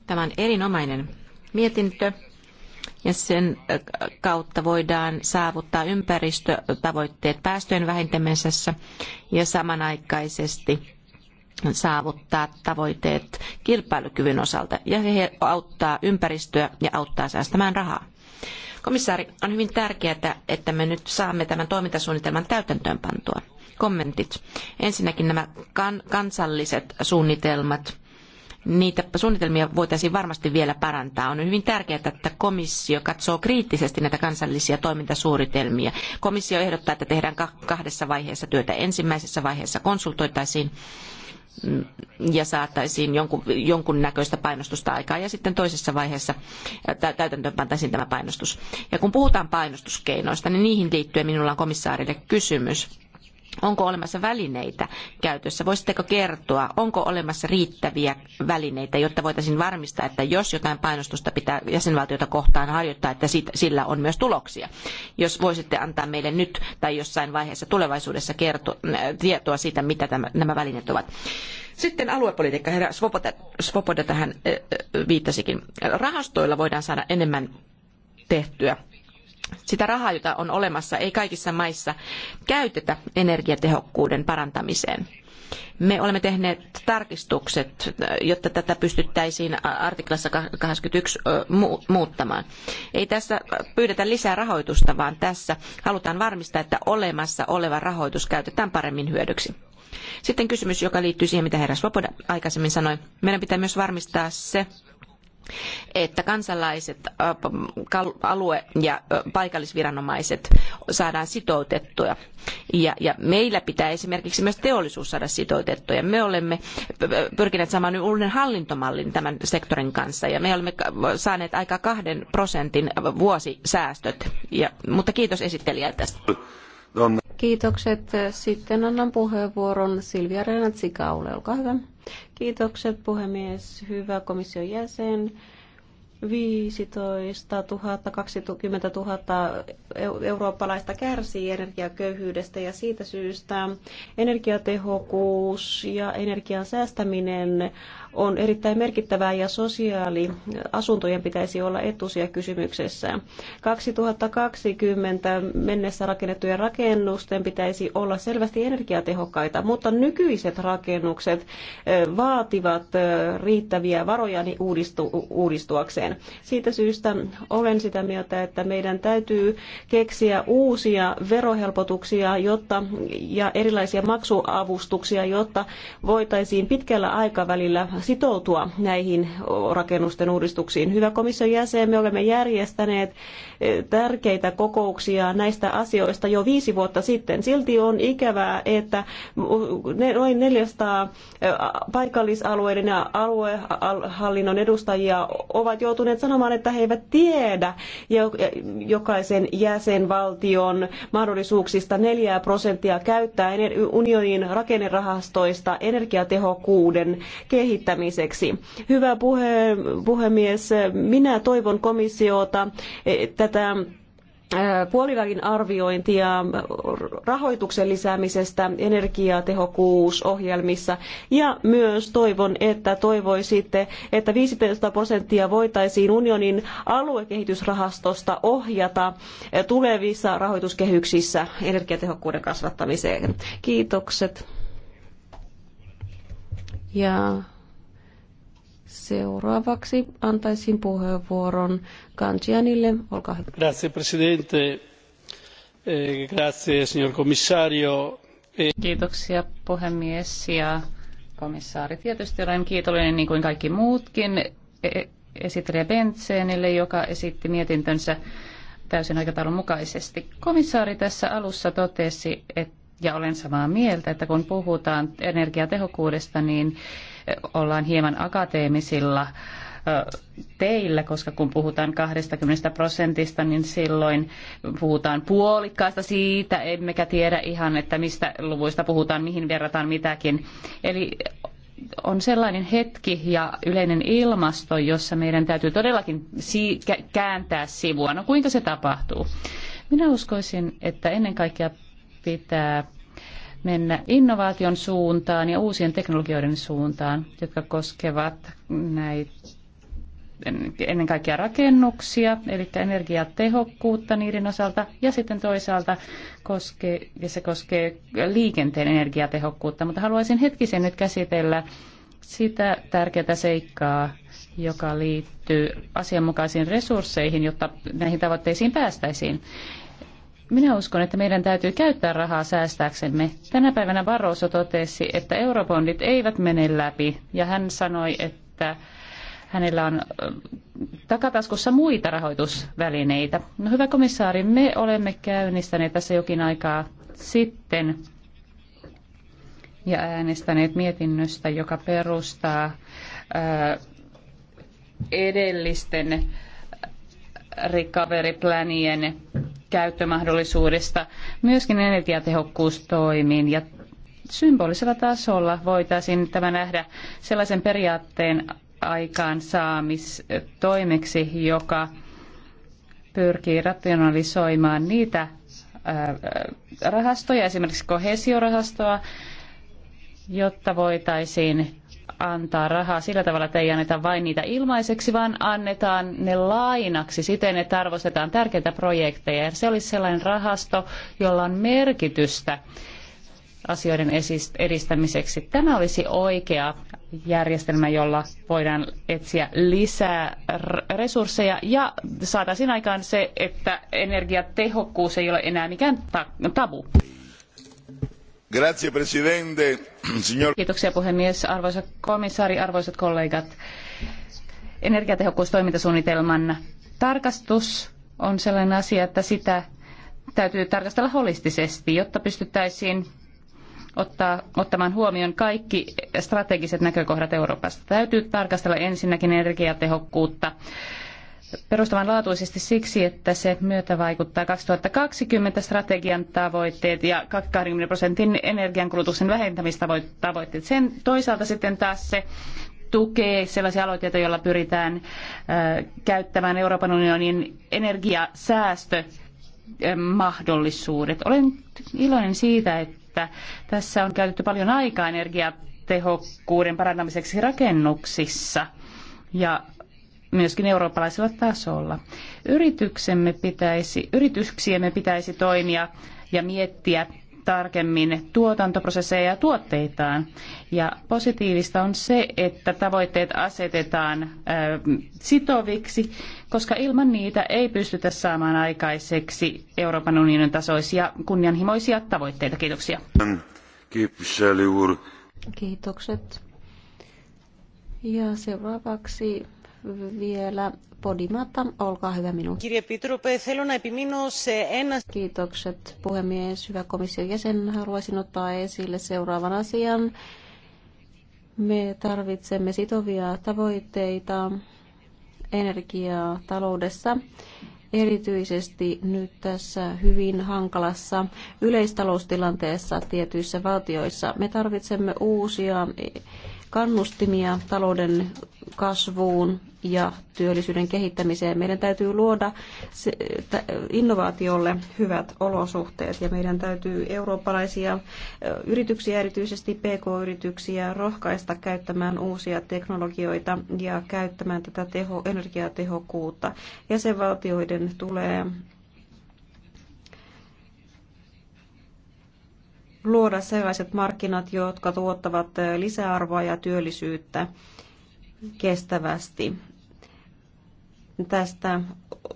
Tämä on erinomainen mietintö ja sen eh, kautta voidaan saavuttaa ympäristötavoitteet päästöjen vähentämisessä ja samanaikaisesti saavuttaa tavoitteet kilpailukyvyn osalta ja se auttaa ympäristöä ja auttaa säästämään rahaa. Komissaari, on hyvin tärkeää, että me nyt saamme tämän toimintasuunnitelman täytäntöönpantua. Kommentit. Ensinnäkin nämä kansalliset suunnitelmat. Niitä suunnitelmia voitaisiin varmasti vielä parantaa. On hyvin tärkeää, että komissio katsoo kriittisesti näitä kansallisia toimintasuunnitelmia. Komissio ehdottaa, että tehdään kahdessa vaiheessa työtä. Ensimmäisessä vaiheessa konsultoitaisiin ja saataisiin jonkun, jonkun näköistä painostusta aikaan ja sitten toisessa vaiheessa täytäntöön pantaisiin tämä painostus. Ja kun puhutaan painostuskeinoista, niin niihin liittyen minulla on komissaarille kysymys Onko olemassa välineitä käytössä? Voisitteko kertoa, onko olemassa riittäviä välineitä, jotta voitaisiin varmistaa, että jos jotain painostusta pitää jäsenvaltiota kohtaan harjoittaa, että sillä on myös tuloksia? Jos voisitte antaa meille nyt tai jossain vaiheessa tulevaisuudessa kertoa, äh, tietoa siitä, mitä tämä, nämä välineet ovat. Sitten aluepolitiikka, herra Svoboda, Svoboda tähän äh, äh, viittasikin. Rahastoilla voidaan saada enemmän tehtyä sitä rahaa, jota on olemassa, ei kaikissa maissa käytetä energiatehokkuuden parantamiseen. Me olemme tehneet tarkistukset, jotta tätä pystyttäisiin artiklassa 21 muuttamaan. Ei tässä pyydetä lisää rahoitusta, vaan tässä halutaan varmistaa, että olemassa oleva rahoitus käytetään paremmin hyödyksi. Sitten kysymys, joka liittyy siihen, mitä herra Svoboda aikaisemmin sanoi. Meidän pitää myös varmistaa se, että kansalaiset, alue- ja paikallisviranomaiset saadaan sitoutettua. Ja, ja meillä pitää esimerkiksi myös teollisuus saada sitoutettua. me olemme pyrkineet saamaan uuden hallintomallin tämän sektorin kanssa. Ja me olemme saaneet aika kahden prosentin vuosisäästöt. Ja, mutta kiitos esittelijälle tästä. Kiitokset. Sitten annan puheenvuoron Silvia Renatsikaulle. Olkaa hyvä. Kiitokset puhemies, hyvä komission jäsen. 15 000, 20 000 eurooppalaista kärsii energiaköyhyydestä ja siitä syystä energiatehokkuus ja energian säästäminen on erittäin merkittävää ja sosiaaliasuntojen pitäisi olla etusia kysymyksessä. 2020 mennessä rakennettujen rakennusten pitäisi olla selvästi energiatehokkaita, mutta nykyiset rakennukset vaativat riittäviä varoja uudistu, uudistuakseen. Siitä syystä olen sitä mieltä, että meidän täytyy keksiä uusia verohelpotuksia jotta, ja erilaisia maksuavustuksia, jotta voitaisiin pitkällä aikavälillä sitoutua näihin rakennusten uudistuksiin. Hyvä komission jäsen, me olemme järjestäneet eh, tärkeitä kokouksia näistä asioista jo viisi vuotta sitten. Silti on ikävää, että noin 400 eh, paikallisalueiden ja aluehallinnon edustajia ovat joutuneet sanomaan, että he eivät tiedä eh, jokaisen jäsenvaltion mahdollisuuksista 4 prosenttia käyttää unionin rakennerahastoista energiatehokkuuden kehittämiseen edistämiseksi. Hyvä puhe, puhemies, minä toivon komissiota eh, tätä eh, puolivälin arviointia rahoituksen lisäämisestä energiatehokkuusohjelmissa ja myös toivon, että toivoisitte, että 15 prosenttia voitaisiin unionin aluekehitysrahastosta ohjata eh, tulevissa rahoituskehyksissä energiatehokkuuden kasvattamiseen. Kiitokset. Ja Seuraavaksi antaisin puheenvuoron Kanchianille. Olkaa hyvä. Grazie presidente. Eh, grazie signor commissario. Eh, Kiitoksia puhemies ja komissaari. Tietysti olen kiitollinen niin kuin kaikki muutkin e, e, esittelijä Bentseenille, joka esitti mietintönsä täysin aikataulun mukaisesti. Komissaari tässä alussa totesi, että ja olen samaa mieltä, että kun puhutaan energiatehokkuudesta, niin ollaan hieman akateemisilla teillä, koska kun puhutaan 20 prosentista, niin silloin puhutaan puolikkaasta siitä, emmekä tiedä ihan, että mistä luvuista puhutaan, mihin verrataan mitäkin. Eli on sellainen hetki ja yleinen ilmasto, jossa meidän täytyy todellakin kääntää sivua. No kuinka se tapahtuu? Minä uskoisin, että ennen kaikkea pitää mennä innovaation suuntaan ja uusien teknologioiden suuntaan, jotka koskevat näitä ennen kaikkea rakennuksia, eli energiatehokkuutta niiden osalta, ja sitten toisaalta koskee, ja se koskee liikenteen energiatehokkuutta. Mutta haluaisin hetkisen nyt käsitellä sitä tärkeää seikkaa, joka liittyy asianmukaisiin resursseihin, jotta näihin tavoitteisiin päästäisiin. Minä uskon, että meidän täytyy käyttää rahaa säästääksemme. Tänä päivänä Barroso totesi, että eurobondit eivät mene läpi ja hän sanoi, että hänellä on takataskussa muita rahoitusvälineitä. No hyvä komissaari, me olemme käynnistäneet tässä jokin aikaa sitten ja äänestäneet mietinnöstä, joka perustaa ää, edellisten recovery planien käyttömahdollisuudesta myöskin energiatehokkuustoimiin ja symbolisella tasolla voitaisiin tämä nähdä sellaisen periaatteen aikaansaamistoimeksi, joka pyrkii rationalisoimaan niitä äh, rahastoja, esimerkiksi kohesiorahastoa, jotta voitaisiin antaa rahaa sillä tavalla, että ei anneta vain niitä ilmaiseksi, vaan annetaan ne lainaksi siten, että arvostetaan tärkeitä projekteja. Ja se olisi sellainen rahasto, jolla on merkitystä asioiden edistämiseksi. Tämä olisi oikea järjestelmä, jolla voidaan etsiä lisää resursseja ja saataisiin aikaan se, että energiatehokkuus ei ole enää mikään tabu. *clears throat* Kiitoksia puhemies, arvoisa komissaari, arvoisat kollegat. Energiatehokkuustoimintasuunnitelman tarkastus on sellainen asia, että sitä täytyy tarkastella holistisesti, jotta pystyttäisiin ottaa, ottamaan huomioon kaikki strategiset näkökohdat Euroopasta. Täytyy tarkastella ensinnäkin energiatehokkuutta perustavanlaatuisesti siksi, että se myötävaikuttaa 2020 strategian tavoitteet ja 20 prosentin energiankulutuksen vähentämistavoitteet. Sen toisaalta sitten taas se tukee sellaisia aloitteita, joilla pyritään käyttämään Euroopan unionin energiasäästömahdollisuudet. Olen iloinen siitä, että tässä on käytetty paljon aikaa energiatehokkuuden parantamiseksi rakennuksissa. Ja myöskin eurooppalaisella tasolla. Yrityksemme pitäisi, yrityksiemme pitäisi toimia ja miettiä tarkemmin tuotantoprosesseja ja tuotteitaan. Ja positiivista on se, että tavoitteet asetetaan sitoviksi, koska ilman niitä ei pystytä saamaan aikaiseksi Euroopan unionin tasoisia kunnianhimoisia tavoitteita. Kiitoksia. Kiitokset. Ja seuraavaksi vielä Podimata, olkaa hyvä minun. Kiitokset puhemies, hyvä komission jäsen. Haluaisin ottaa esille seuraavan asian. Me tarvitsemme sitovia tavoitteita energiaa taloudessa erityisesti nyt tässä hyvin hankalassa yleistaloustilanteessa tietyissä valtioissa. Me tarvitsemme uusia kannustimia talouden kasvuun ja työllisyyden kehittämiseen. Meidän täytyy luoda innovaatiolle hyvät olosuhteet ja meidän täytyy eurooppalaisia yrityksiä, erityisesti PK-yrityksiä, rohkaista käyttämään uusia teknologioita ja käyttämään tätä teho, energiatehokkuutta. Jäsenvaltioiden tulee luoda sellaiset markkinat, jotka tuottavat lisäarvoa ja työllisyyttä kestävästi. Niin tästä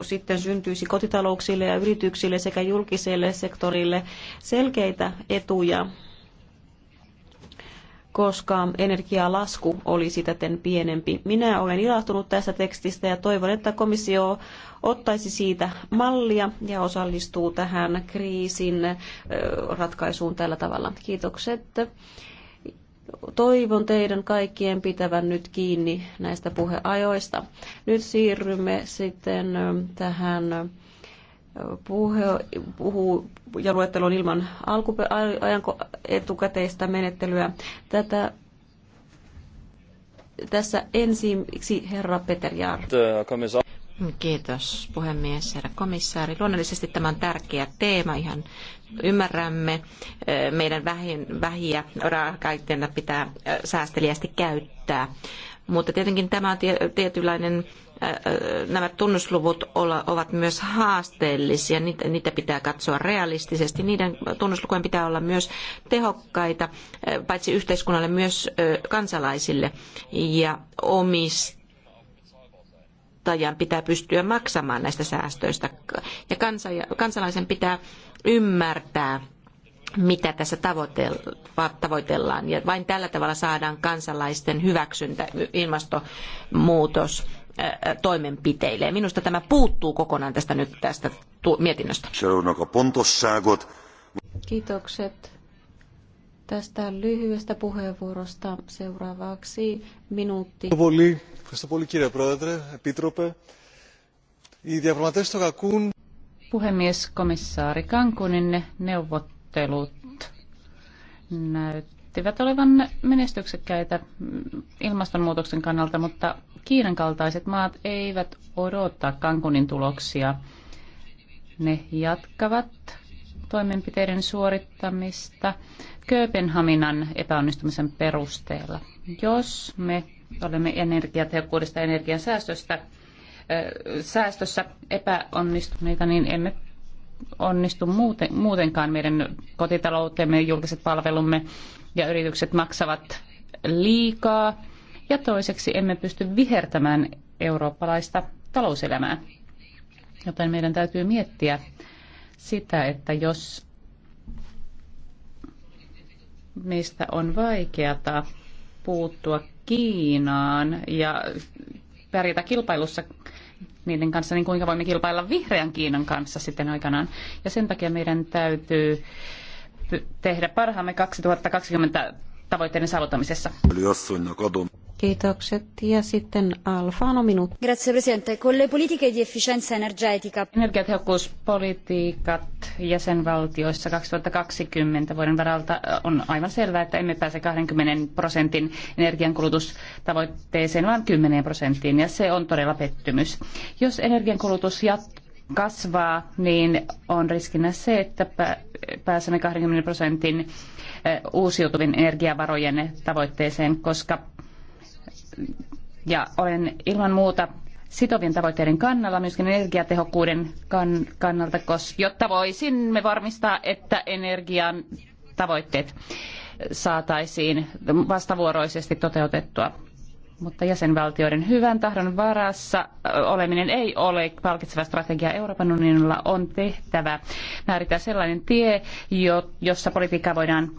sitten syntyisi kotitalouksille ja yrityksille sekä julkiselle sektorille selkeitä etuja, koska energialasku olisi täten pienempi. Minä olen ilahtunut tästä tekstistä ja toivon, että komissio ottaisi siitä mallia ja osallistuu tähän kriisin ratkaisuun tällä tavalla. Kiitokset. Toivon teidän kaikkien pitävän nyt kiinni näistä puheajoista. Nyt siirrymme sitten tähän puhe, puhu ja luettelon ilman alkupe- ajanko etukäteistä menettelyä. Tätä tässä ensiksi herra Peter Jaar. Kiitos puhemies, herra komissaari. Luonnollisesti tämä on tärkeä teema ihan ymmärrämme eh, meidän vähiä raaka pitää eh, säästeliästi käyttää. Mutta tietenkin tämä on tietynlainen, eh, nämä tunnusluvut ovat myös haasteellisia, niitä pitää katsoa realistisesti. Niiden tunnuslukujen pitää olla myös tehokkaita, paitsi yhteiskunnalle myös kansalaisille ja omista kuluttajan pitää pystyä maksamaan näistä säästöistä ja kansalaisen pitää ymmärtää, mitä tässä tavoitellaan. Ja vain tällä tavalla saadaan kansalaisten hyväksyntä ilmastonmuutos toimenpiteille. minusta tämä puuttuu kokonaan tästä nyt tästä mietinnöstä. Kiitokset tästä lyhyestä puheenvuorosta. Seuraavaksi minuutti. Puhemies, komissaari cancnin neuvottelut näyttivät olevan menestyksekkäitä ilmastonmuutoksen kannalta, mutta Kiinan kaltaiset maat eivät odota cancnin tuloksia. Ne jatkavat toimenpiteiden suorittamista Kööpenhaminan epäonnistumisen perusteella. Jos me olemme energiatehokkuudesta ja energian säästöstä, säästössä epäonnistuneita, niin emme onnistu muuten, muutenkaan. Meidän kotitaloutemme, julkiset palvelumme ja yritykset maksavat liikaa. Ja toiseksi emme pysty vihertämään eurooppalaista talouselämää. Joten meidän täytyy miettiä sitä, että jos meistä on vaikeata puuttua Kiinaan ja pärjätä kilpailussa niiden kanssa, niin kuinka voimme kilpailla vihreän Kiinan kanssa sitten aikanaan. Ja sen takia meidän täytyy tehdä parhaamme 2020 tavoitteiden saavuttamisessa. Kiitokset. Ja sitten Alfano minuutti. Grazie Presidente. Con le politiche di efficienza energetica. Energiatehokkuuspolitiikat jäsenvaltioissa 2020 vuoden varalta on aivan selvää, että emme pääse 20 prosentin energiankulutustavoitteeseen, vaan 10 prosenttiin, ja se on todella pettymys. Jos energiankulutus jatkuu, kasvaa, niin on riskinä se, että pääsemme 20 prosentin uusiutuvien energiavarojen tavoitteeseen, koska ja olen ilman muuta sitovien tavoitteiden kannalla, myöskin energiatehokkuuden kann- kannalta, koska, jotta voisimme varmistaa, että energian tavoitteet saataisiin vastavuoroisesti toteutettua mutta jäsenvaltioiden hyvän tahdon varassa oleminen ei ole palkitseva strategia. Euroopan unionilla on tehtävä määrittää sellainen tie, jossa politiikkaa voidaan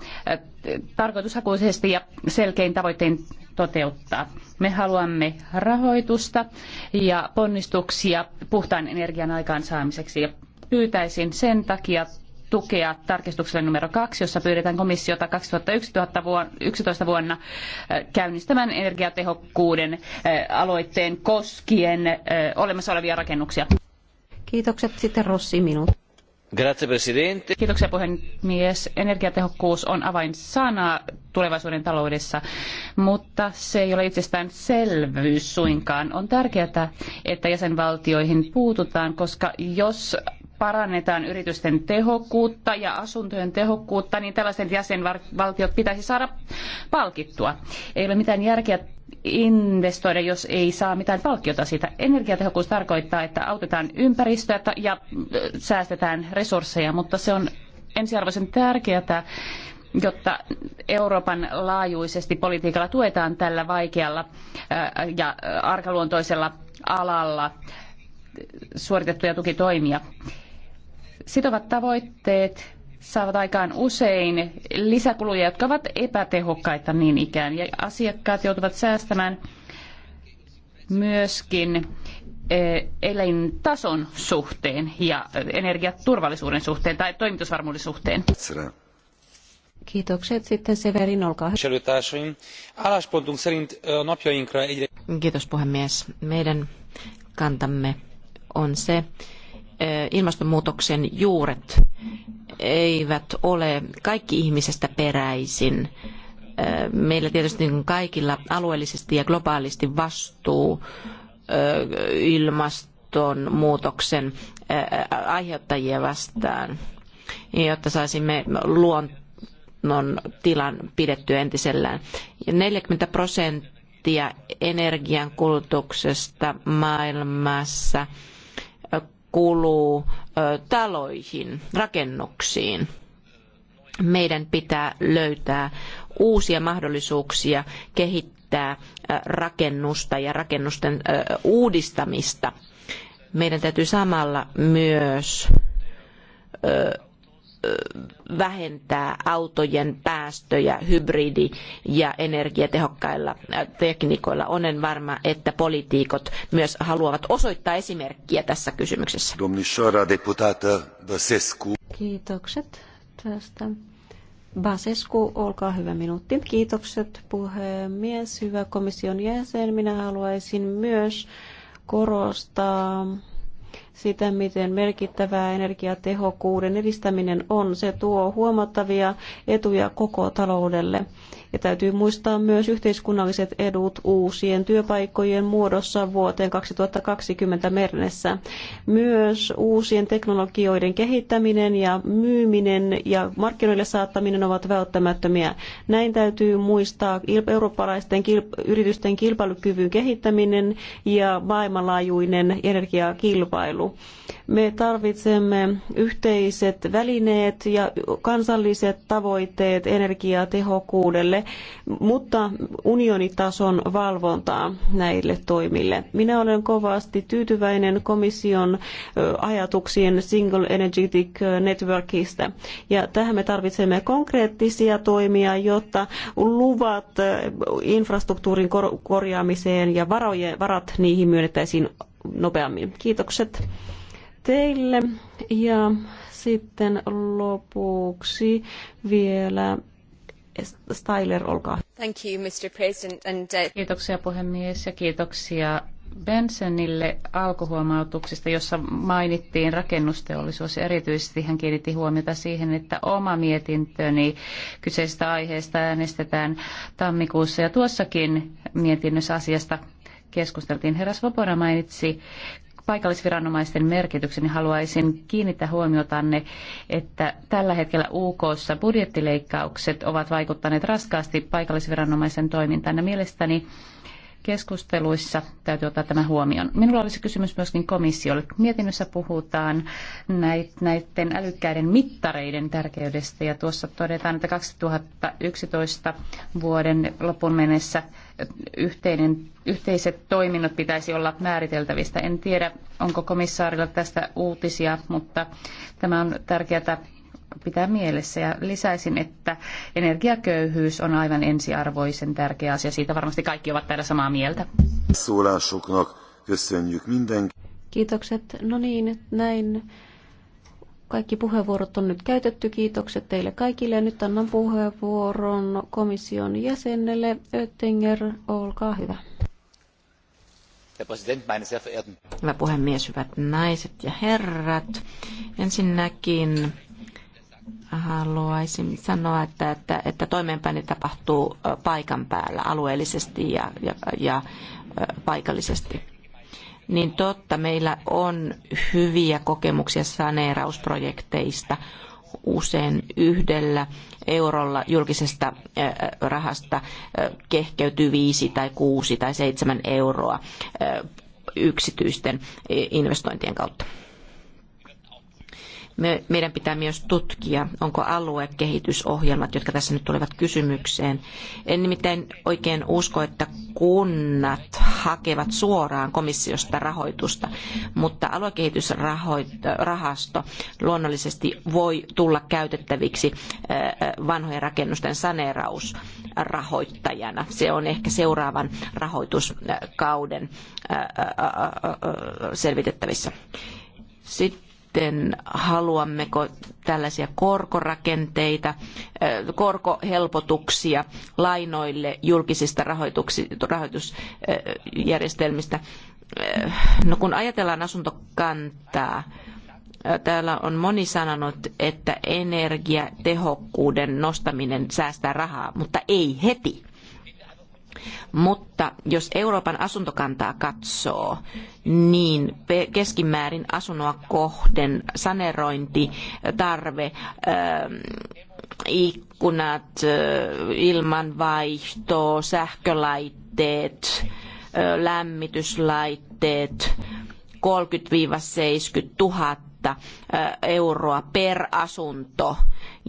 tarkoitushakuisesti ja selkein tavoittein toteuttaa. Me haluamme rahoitusta ja ponnistuksia puhtaan energian aikaansaamiseksi ja pyytäisin sen takia tukea tarkistukselle numero kaksi, jossa pyydetään komissiota 2011 vuonna käynnistämään energiatehokkuuden aloitteen koskien olemassa olevia rakennuksia. Kiitokset. Sitten Rossi minuutti. Grazie Presidente. Kiitoksia puhemies. Energiatehokkuus on avainsana tulevaisuuden taloudessa, mutta se ei ole itsestään selvyys suinkaan. On tärkeää, että jäsenvaltioihin puututaan, koska jos parannetaan yritysten tehokkuutta ja asuntojen tehokkuutta, niin tällaiset jäsenvaltiot pitäisi saada palkittua. Ei ole mitään järkeä investoida, jos ei saa mitään palkkiota siitä. Energiatehokkuus tarkoittaa, että autetaan ympäristöä ja äh, säästetään resursseja, mutta se on ensiarvoisen tärkeää, jotta Euroopan laajuisesti politiikalla tuetaan tällä vaikealla äh, ja arkaluontoisella alalla suoritettuja tukitoimia. Sitovat tavoitteet saavat aikaan usein lisäkuluja, jotka ovat epätehokkaita niin ikään. Ja asiakkaat joutuvat säästämään myöskin eh, elintason suhteen ja energiaturvallisuuden suhteen tai toimitusvarmuuden suhteen. Kiitokset. Sitten Severin, olkaa hyvä. Kiitos puhemies. Meidän kantamme on se, ilmastonmuutoksen juuret eivät ole kaikki ihmisestä peräisin. Meillä tietysti niin kaikilla alueellisesti ja globaalisti vastuu ilmastonmuutoksen aiheuttajia vastaan, jotta saisimme luonnon tilan pidettyä entisellään. 40 prosenttia energian kulutuksesta maailmassa kuluu taloihin, rakennuksiin. Meidän pitää löytää uusia mahdollisuuksia kehittää rakennusta ja rakennusten uudistamista. Meidän täytyy samalla myös vähentää autojen päästöjä hybridi- ja energiatehokkailla tekniikoilla. Onen varma, että poliitikot myös haluavat osoittaa esimerkkiä tässä kysymyksessä. Kiitokset tästä. Basescu, olkaa hyvä minuutti. Kiitokset puhemies, hyvä komission jäsen. Minä haluaisin myös korostaa sitä, miten merkittävää energiatehokkuuden edistäminen on. Se tuo huomattavia etuja koko taloudelle. Ja täytyy muistaa myös yhteiskunnalliset edut uusien työpaikkojen muodossa vuoteen 2020 mennessä. Myös uusien teknologioiden kehittäminen ja myyminen ja markkinoille saattaminen ovat välttämättömiä. Näin täytyy muistaa eurooppalaisten yritysten kilpailukyvyn kehittäminen ja maailmanlaajuinen energiakilpailu. Me tarvitsemme yhteiset välineet ja kansalliset tavoitteet energiatehokkuudelle, mutta unionitason valvontaa näille toimille. Minä olen kovasti tyytyväinen komission ajatuksien Single Energetic Networkista. Ja tähän me tarvitsemme konkreettisia toimia, jotta luvat infrastruktuurin korjaamiseen ja varoje varat niihin myönnettäisiin nopeammin. Kiitokset teille. Ja sitten lopuksi vielä Styler, olkaa. Thank you, Mr. President. And, uh... Kiitoksia puhemies ja kiitoksia Bensonille alkuhuomautuksista, jossa mainittiin rakennusteollisuus. Erityisesti hän kiinnitti huomiota siihen, että oma mietintöni kyseisestä aiheesta äänestetään tammikuussa. Ja tuossakin mietinnössä asiasta keskusteltiin. Herra Svoboda mainitsi paikallisviranomaisten merkityksen, niin haluaisin kiinnittää huomiotanne, että tällä hetkellä UKssa budjettileikkaukset ovat vaikuttaneet raskaasti paikallisviranomaisen toimintaan. Ja mielestäni keskusteluissa täytyy ottaa tämä huomioon. Minulla olisi kysymys myöskin komissiolle. Mietinnössä puhutaan näiden älykkäiden mittareiden tärkeydestä ja tuossa todetaan, että 2011 vuoden lopun mennessä yhteinen, yhteiset toiminnot pitäisi olla määriteltävistä. En tiedä, onko komissaarilla tästä uutisia, mutta tämä on tärkeää pitää mielessä. Ja lisäisin, että energiaköyhyys on aivan ensiarvoisen tärkeä asia. Siitä varmasti kaikki ovat täällä samaa mieltä. Kiitokset. No niin, näin kaikki puheenvuorot on nyt käytetty. Kiitokset teille kaikille. Ja nyt annan puheenvuoron komission jäsenelle. Oettinger, olkaa hyvä. Hyvä puhemies, hyvät naiset ja herrat. Ensinnäkin haluaisin sanoa, että, että, että toimeenpäin tapahtuu paikan päällä alueellisesti ja, ja, ja paikallisesti niin totta, meillä on hyviä kokemuksia saneerausprojekteista usein yhdellä eurolla julkisesta rahasta kehkeytyy viisi tai kuusi tai seitsemän euroa yksityisten investointien kautta meidän pitää myös tutkia, onko aluekehitysohjelmat, jotka tässä nyt tulevat kysymykseen. En nimittäin oikein usko, että kunnat hakevat suoraan komissiosta rahoitusta, mutta aluekehitysrahasto luonnollisesti voi tulla käytettäviksi äh, vanhojen rakennusten saneerausrahoittajana. Se on ehkä seuraavan rahoituskauden äh, äh, selvitettävissä. Sitten sitten haluammeko tällaisia korkorakenteita, korkohelpotuksia lainoille julkisista rahoitusjärjestelmistä. No kun ajatellaan asuntokantaa, täällä on moni sanonut, että energiatehokkuuden nostaminen säästää rahaa, mutta ei heti mutta jos Euroopan asuntokantaa katsoo, niin keskimäärin asunnoa kohden sanerointi, tarve, ähm, ikkunat, äh, ilmanvaihto, sähkölaitteet, äh, lämmityslaitteet, 30-70 000 äh, euroa per asunto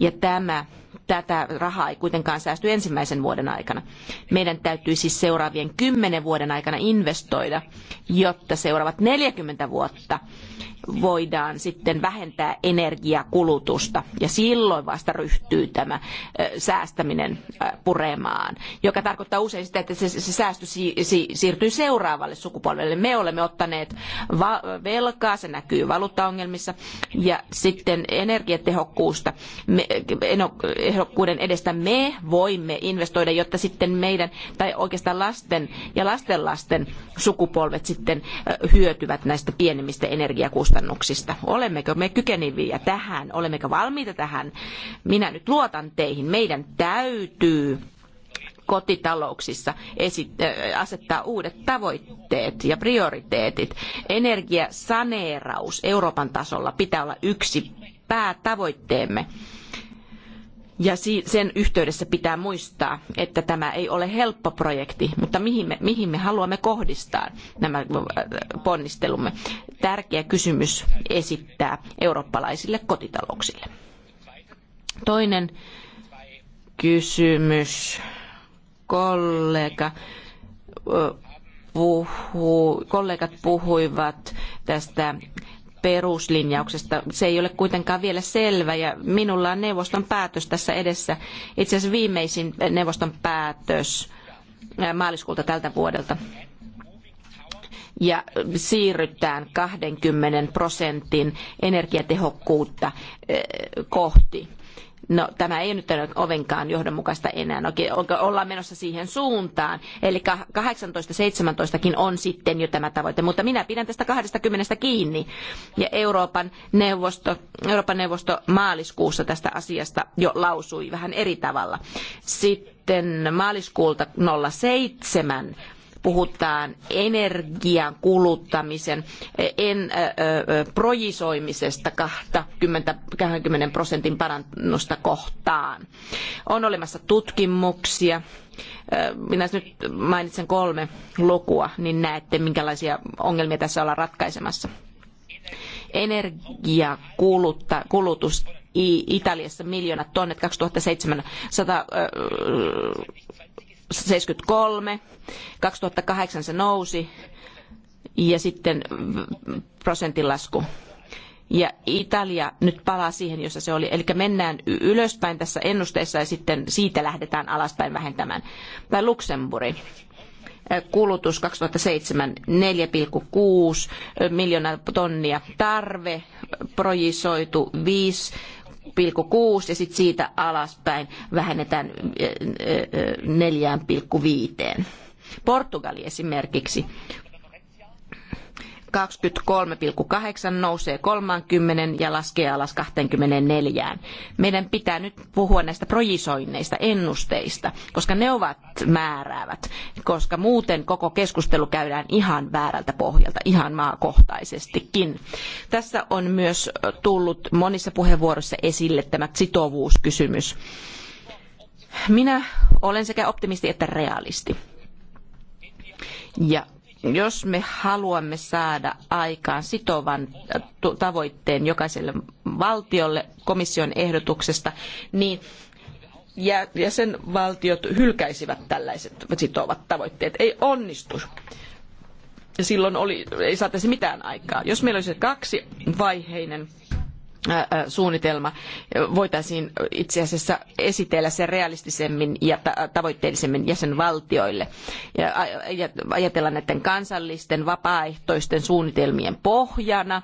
ja tämä, tätä rahaa ei kuitenkaan säästy ensimmäisen vuoden aikana. Meidän täytyy siis seuraavien kymmenen vuoden aikana investoida, jotta seuraavat 40 vuotta voidaan sitten vähentää energiakulutusta ja silloin vasta ryhtyy tämä säästäminen puremaan, joka tarkoittaa usein sitä, että se, säästö siirtyy seuraavalle sukupolvelle. Me olemme ottaneet velkaa, se näkyy valuuttaongelmissa ja sitten energiatehokkuusta, ehdokkuuden edestä me voimme investoida, jotta sitten meidän tai oikeastaan lasten ja lastenlasten sukupolvet sitten hyötyvät näistä pienemmistä energiakustannuksista kustannuksista. Olemmeko me kykeneviä tähän? Olemmeko valmiita tähän? Minä nyt luotan teihin. Meidän täytyy kotitalouksissa äh, asettaa uudet tavoitteet ja prioriteetit. Energiasaneeraus Euroopan tasolla pitää olla yksi päätavoitteemme ja sen yhteydessä pitää muistaa, että tämä ei ole helppo projekti, mutta mihin me, mihin me haluamme kohdistaa nämä äh, ponnistelumme. Tärkeä kysymys esittää eurooppalaisille kotitalouksille. Toinen kysymys. Kollega puhuu, kollegat puhuivat tästä peruslinjauksesta. Se ei ole kuitenkaan vielä selvä ja minulla on neuvoston päätös tässä edessä. Itse asiassa viimeisin neuvoston päätös äh, maaliskuulta tältä vuodelta. Ja siirrytään 20 prosentin energiatehokkuutta äh, kohti No tämä ei nyt ole ovenkaan johdonmukaista enää. Okei, no, ollaan menossa siihen suuntaan. Eli 18-17kin on sitten jo tämä tavoite. Mutta minä pidän tästä 20 kiinni. Ja Euroopan neuvosto, Euroopan neuvosto maaliskuussa tästä asiasta jo lausui vähän eri tavalla. Sitten maaliskuulta 07 puhutaan energian kuluttamisen en, projisoimisesta 20, 20 prosentin parannusta kohtaan. On olemassa tutkimuksia. Minä nyt mainitsen kolme lukua, niin näette, minkälaisia ongelmia tässä ollaan ratkaisemassa. Energiakulutus Italiassa miljoonat tonnit 2007 100, 73, 2008 se nousi ja sitten prosentin lasku. Ja Italia nyt palaa siihen, jossa se oli. Eli mennään ylöspäin tässä ennusteessa ja sitten siitä lähdetään alaspäin vähentämään. Tai Luxemburg kulutus 2007 4,6 miljoonaa tonnia, tarve projisoitu 5 ja sitten siitä alaspäin vähennetään 4,5. Äh, äh, äh, Portugali esimerkiksi 23,8 nousee 30 ja laskee alas 24. Meidän pitää nyt puhua näistä projisoinneista, ennusteista, koska ne ovat määräävät, koska muuten koko keskustelu käydään ihan väärältä pohjalta, ihan maakohtaisestikin. Tässä on myös tullut monissa puheenvuoroissa esille tämä sitovuuskysymys. Minä olen sekä optimisti että realisti. Ja jos me haluamme saada aikaan sitovan tavoitteen jokaiselle valtiolle komission ehdotuksesta, niin jäsenvaltiot hylkäisivät tällaiset sitovat tavoitteet. Ei onnistu. Ja silloin oli, ei saataisi mitään aikaa. Jos meillä olisi kaksi vaiheinen suunnitelma voitaisiin itse asiassa esitellä sen realistisemmin ja tavoitteellisemmin jäsenvaltioille ja ajatella näiden kansallisten vapaaehtoisten suunnitelmien pohjana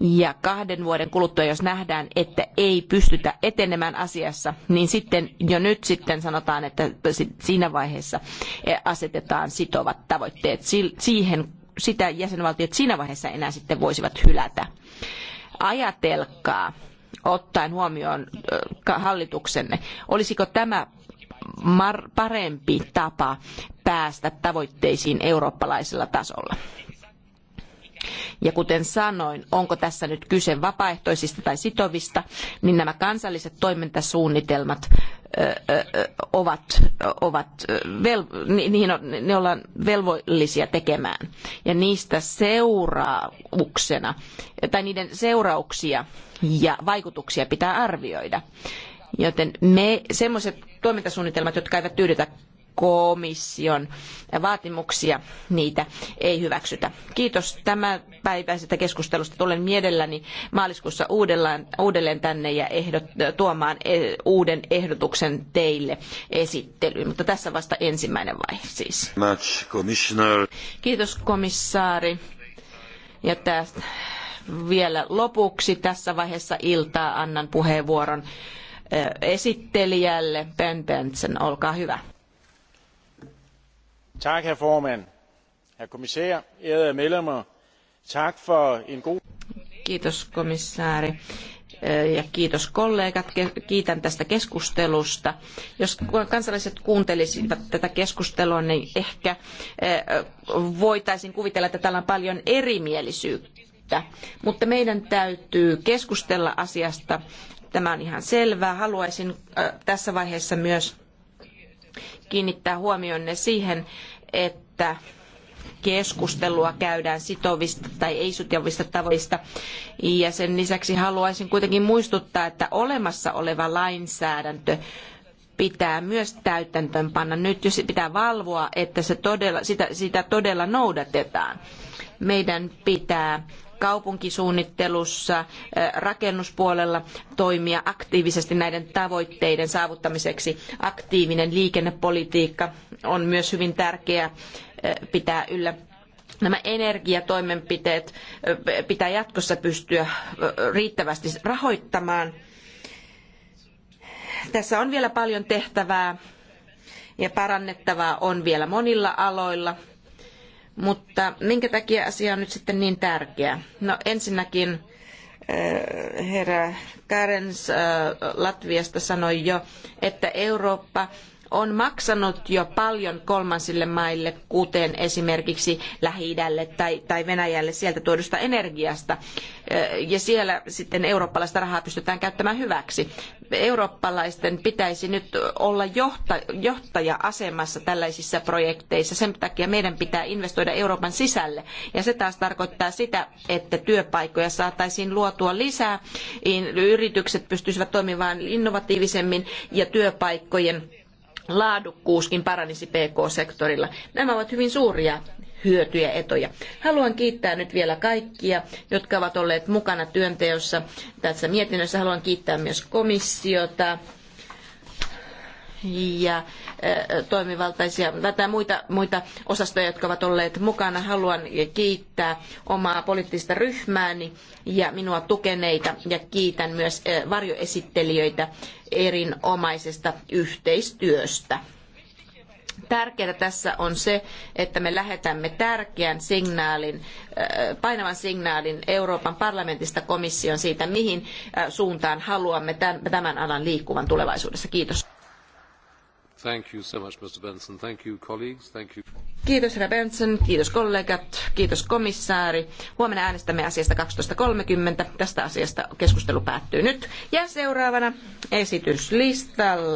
ja kahden vuoden kuluttua, jos nähdään, että ei pystytä etenemään asiassa, niin sitten jo nyt sitten sanotaan, että siinä vaiheessa asetetaan sitovat tavoitteet. Siihen sitä jäsenvaltiot siinä vaiheessa enää sitten voisivat hylätä ajatelkaa ottaen huomioon hallituksenne. Olisiko tämä parempi tapa päästä tavoitteisiin eurooppalaisella tasolla? Ja kuten sanoin, onko tässä nyt kyse vapaaehtoisista tai sitovista, niin nämä kansalliset toimintasuunnitelmat ovat, ovat niihin on, ne ollaan velvollisia tekemään. Ja niistä seurauksena, tai niiden seurauksia ja vaikutuksia pitää arvioida. Joten me, semmoiset toimintasuunnitelmat, jotka eivät tyydytä komission vaatimuksia, niitä ei hyväksytä. Kiitos tämänpäiväisestä keskustelusta. Tulen mielelläni maaliskuussa uudelleen tänne ja ehdot, tuomaan e, uuden ehdotuksen teille esittelyyn. Mutta tässä vasta ensimmäinen vaihe siis. Kiitos komissaari. Ja tästä vielä lopuksi tässä vaiheessa iltaa annan puheenvuoron e, esittelijälle Ben Benson. Olkaa hyvä. Tak, herre formand. herre kommissær, ærede medlemmer, tak for en god... Kiitos komissaari äh, ja kiitos kollegat, kiitän tästä keskustelusta. Jos kansalaiset kuuntelisivat tätä keskustelua, niin ehkä äh, voitaisiin kuvitella, että täällä on paljon erimielisyyttä. Mutta meidän täytyy keskustella asiasta. Tämä on ihan selvää. Haluaisin äh, tässä vaiheessa myös kiinnittää huomionne siihen, että keskustelua käydään sitovista tai ei-sitovista tavoista. Ja sen lisäksi haluaisin kuitenkin muistuttaa, että olemassa oleva lainsäädäntö pitää myös täytäntöönpanna. Nyt pitää valvoa, että se todella, sitä, sitä todella noudatetaan. Meidän pitää kaupunkisuunnittelussa, rakennuspuolella toimia aktiivisesti näiden tavoitteiden saavuttamiseksi. Aktiivinen liikennepolitiikka on myös hyvin tärkeää pitää yllä nämä energiatoimenpiteet pitää jatkossa pystyä riittävästi rahoittamaan. Tässä on vielä paljon tehtävää ja parannettavaa on vielä monilla aloilla mutta minkä takia asia on nyt sitten niin tärkeä? No ensinnäkin äh, herra Karens äh, Latviasta sanoi jo, että Eurooppa on maksanut jo paljon kolmansille maille, kuten esimerkiksi Lähi-idälle tai, tai Venäjälle sieltä tuodusta energiasta. Ja siellä sitten eurooppalaista rahaa pystytään käyttämään hyväksi. Eurooppalaisten pitäisi nyt olla johta, johtaja-asemassa tällaisissa projekteissa. Sen takia meidän pitää investoida Euroopan sisälle. Ja se taas tarkoittaa sitä, että työpaikkoja saataisiin luotua lisää, yritykset pystyisivät toimimaan innovatiivisemmin ja työpaikkojen laadukkuuskin paranisi PK-sektorilla. Nämä ovat hyvin suuria hyötyjä etoja. Haluan kiittää nyt vielä kaikkia, jotka ovat olleet mukana työnteossa tässä mietinnössä. Haluan kiittää myös komissiota, ja toimivaltaisia tai muita, muita osastoja, jotka ovat olleet mukana. Haluan kiittää omaa poliittista ryhmääni ja minua tukeneita ja kiitän myös varjoesittelijöitä erinomaisesta yhteistyöstä. Tärkeää tässä on se, että me lähetämme tärkeän signaalin, painavan signaalin Euroopan parlamentista komission siitä, mihin suuntaan haluamme tämän alan liikkuvan tulevaisuudessa. Kiitos. Kiitos herra Benson, kiitos kollegat, kiitos komissaari. Huomenna äänestämme asiasta kolmekymmentä Tästä asiasta keskustelu päättyy nyt. Ja seuraavana esityslistalla.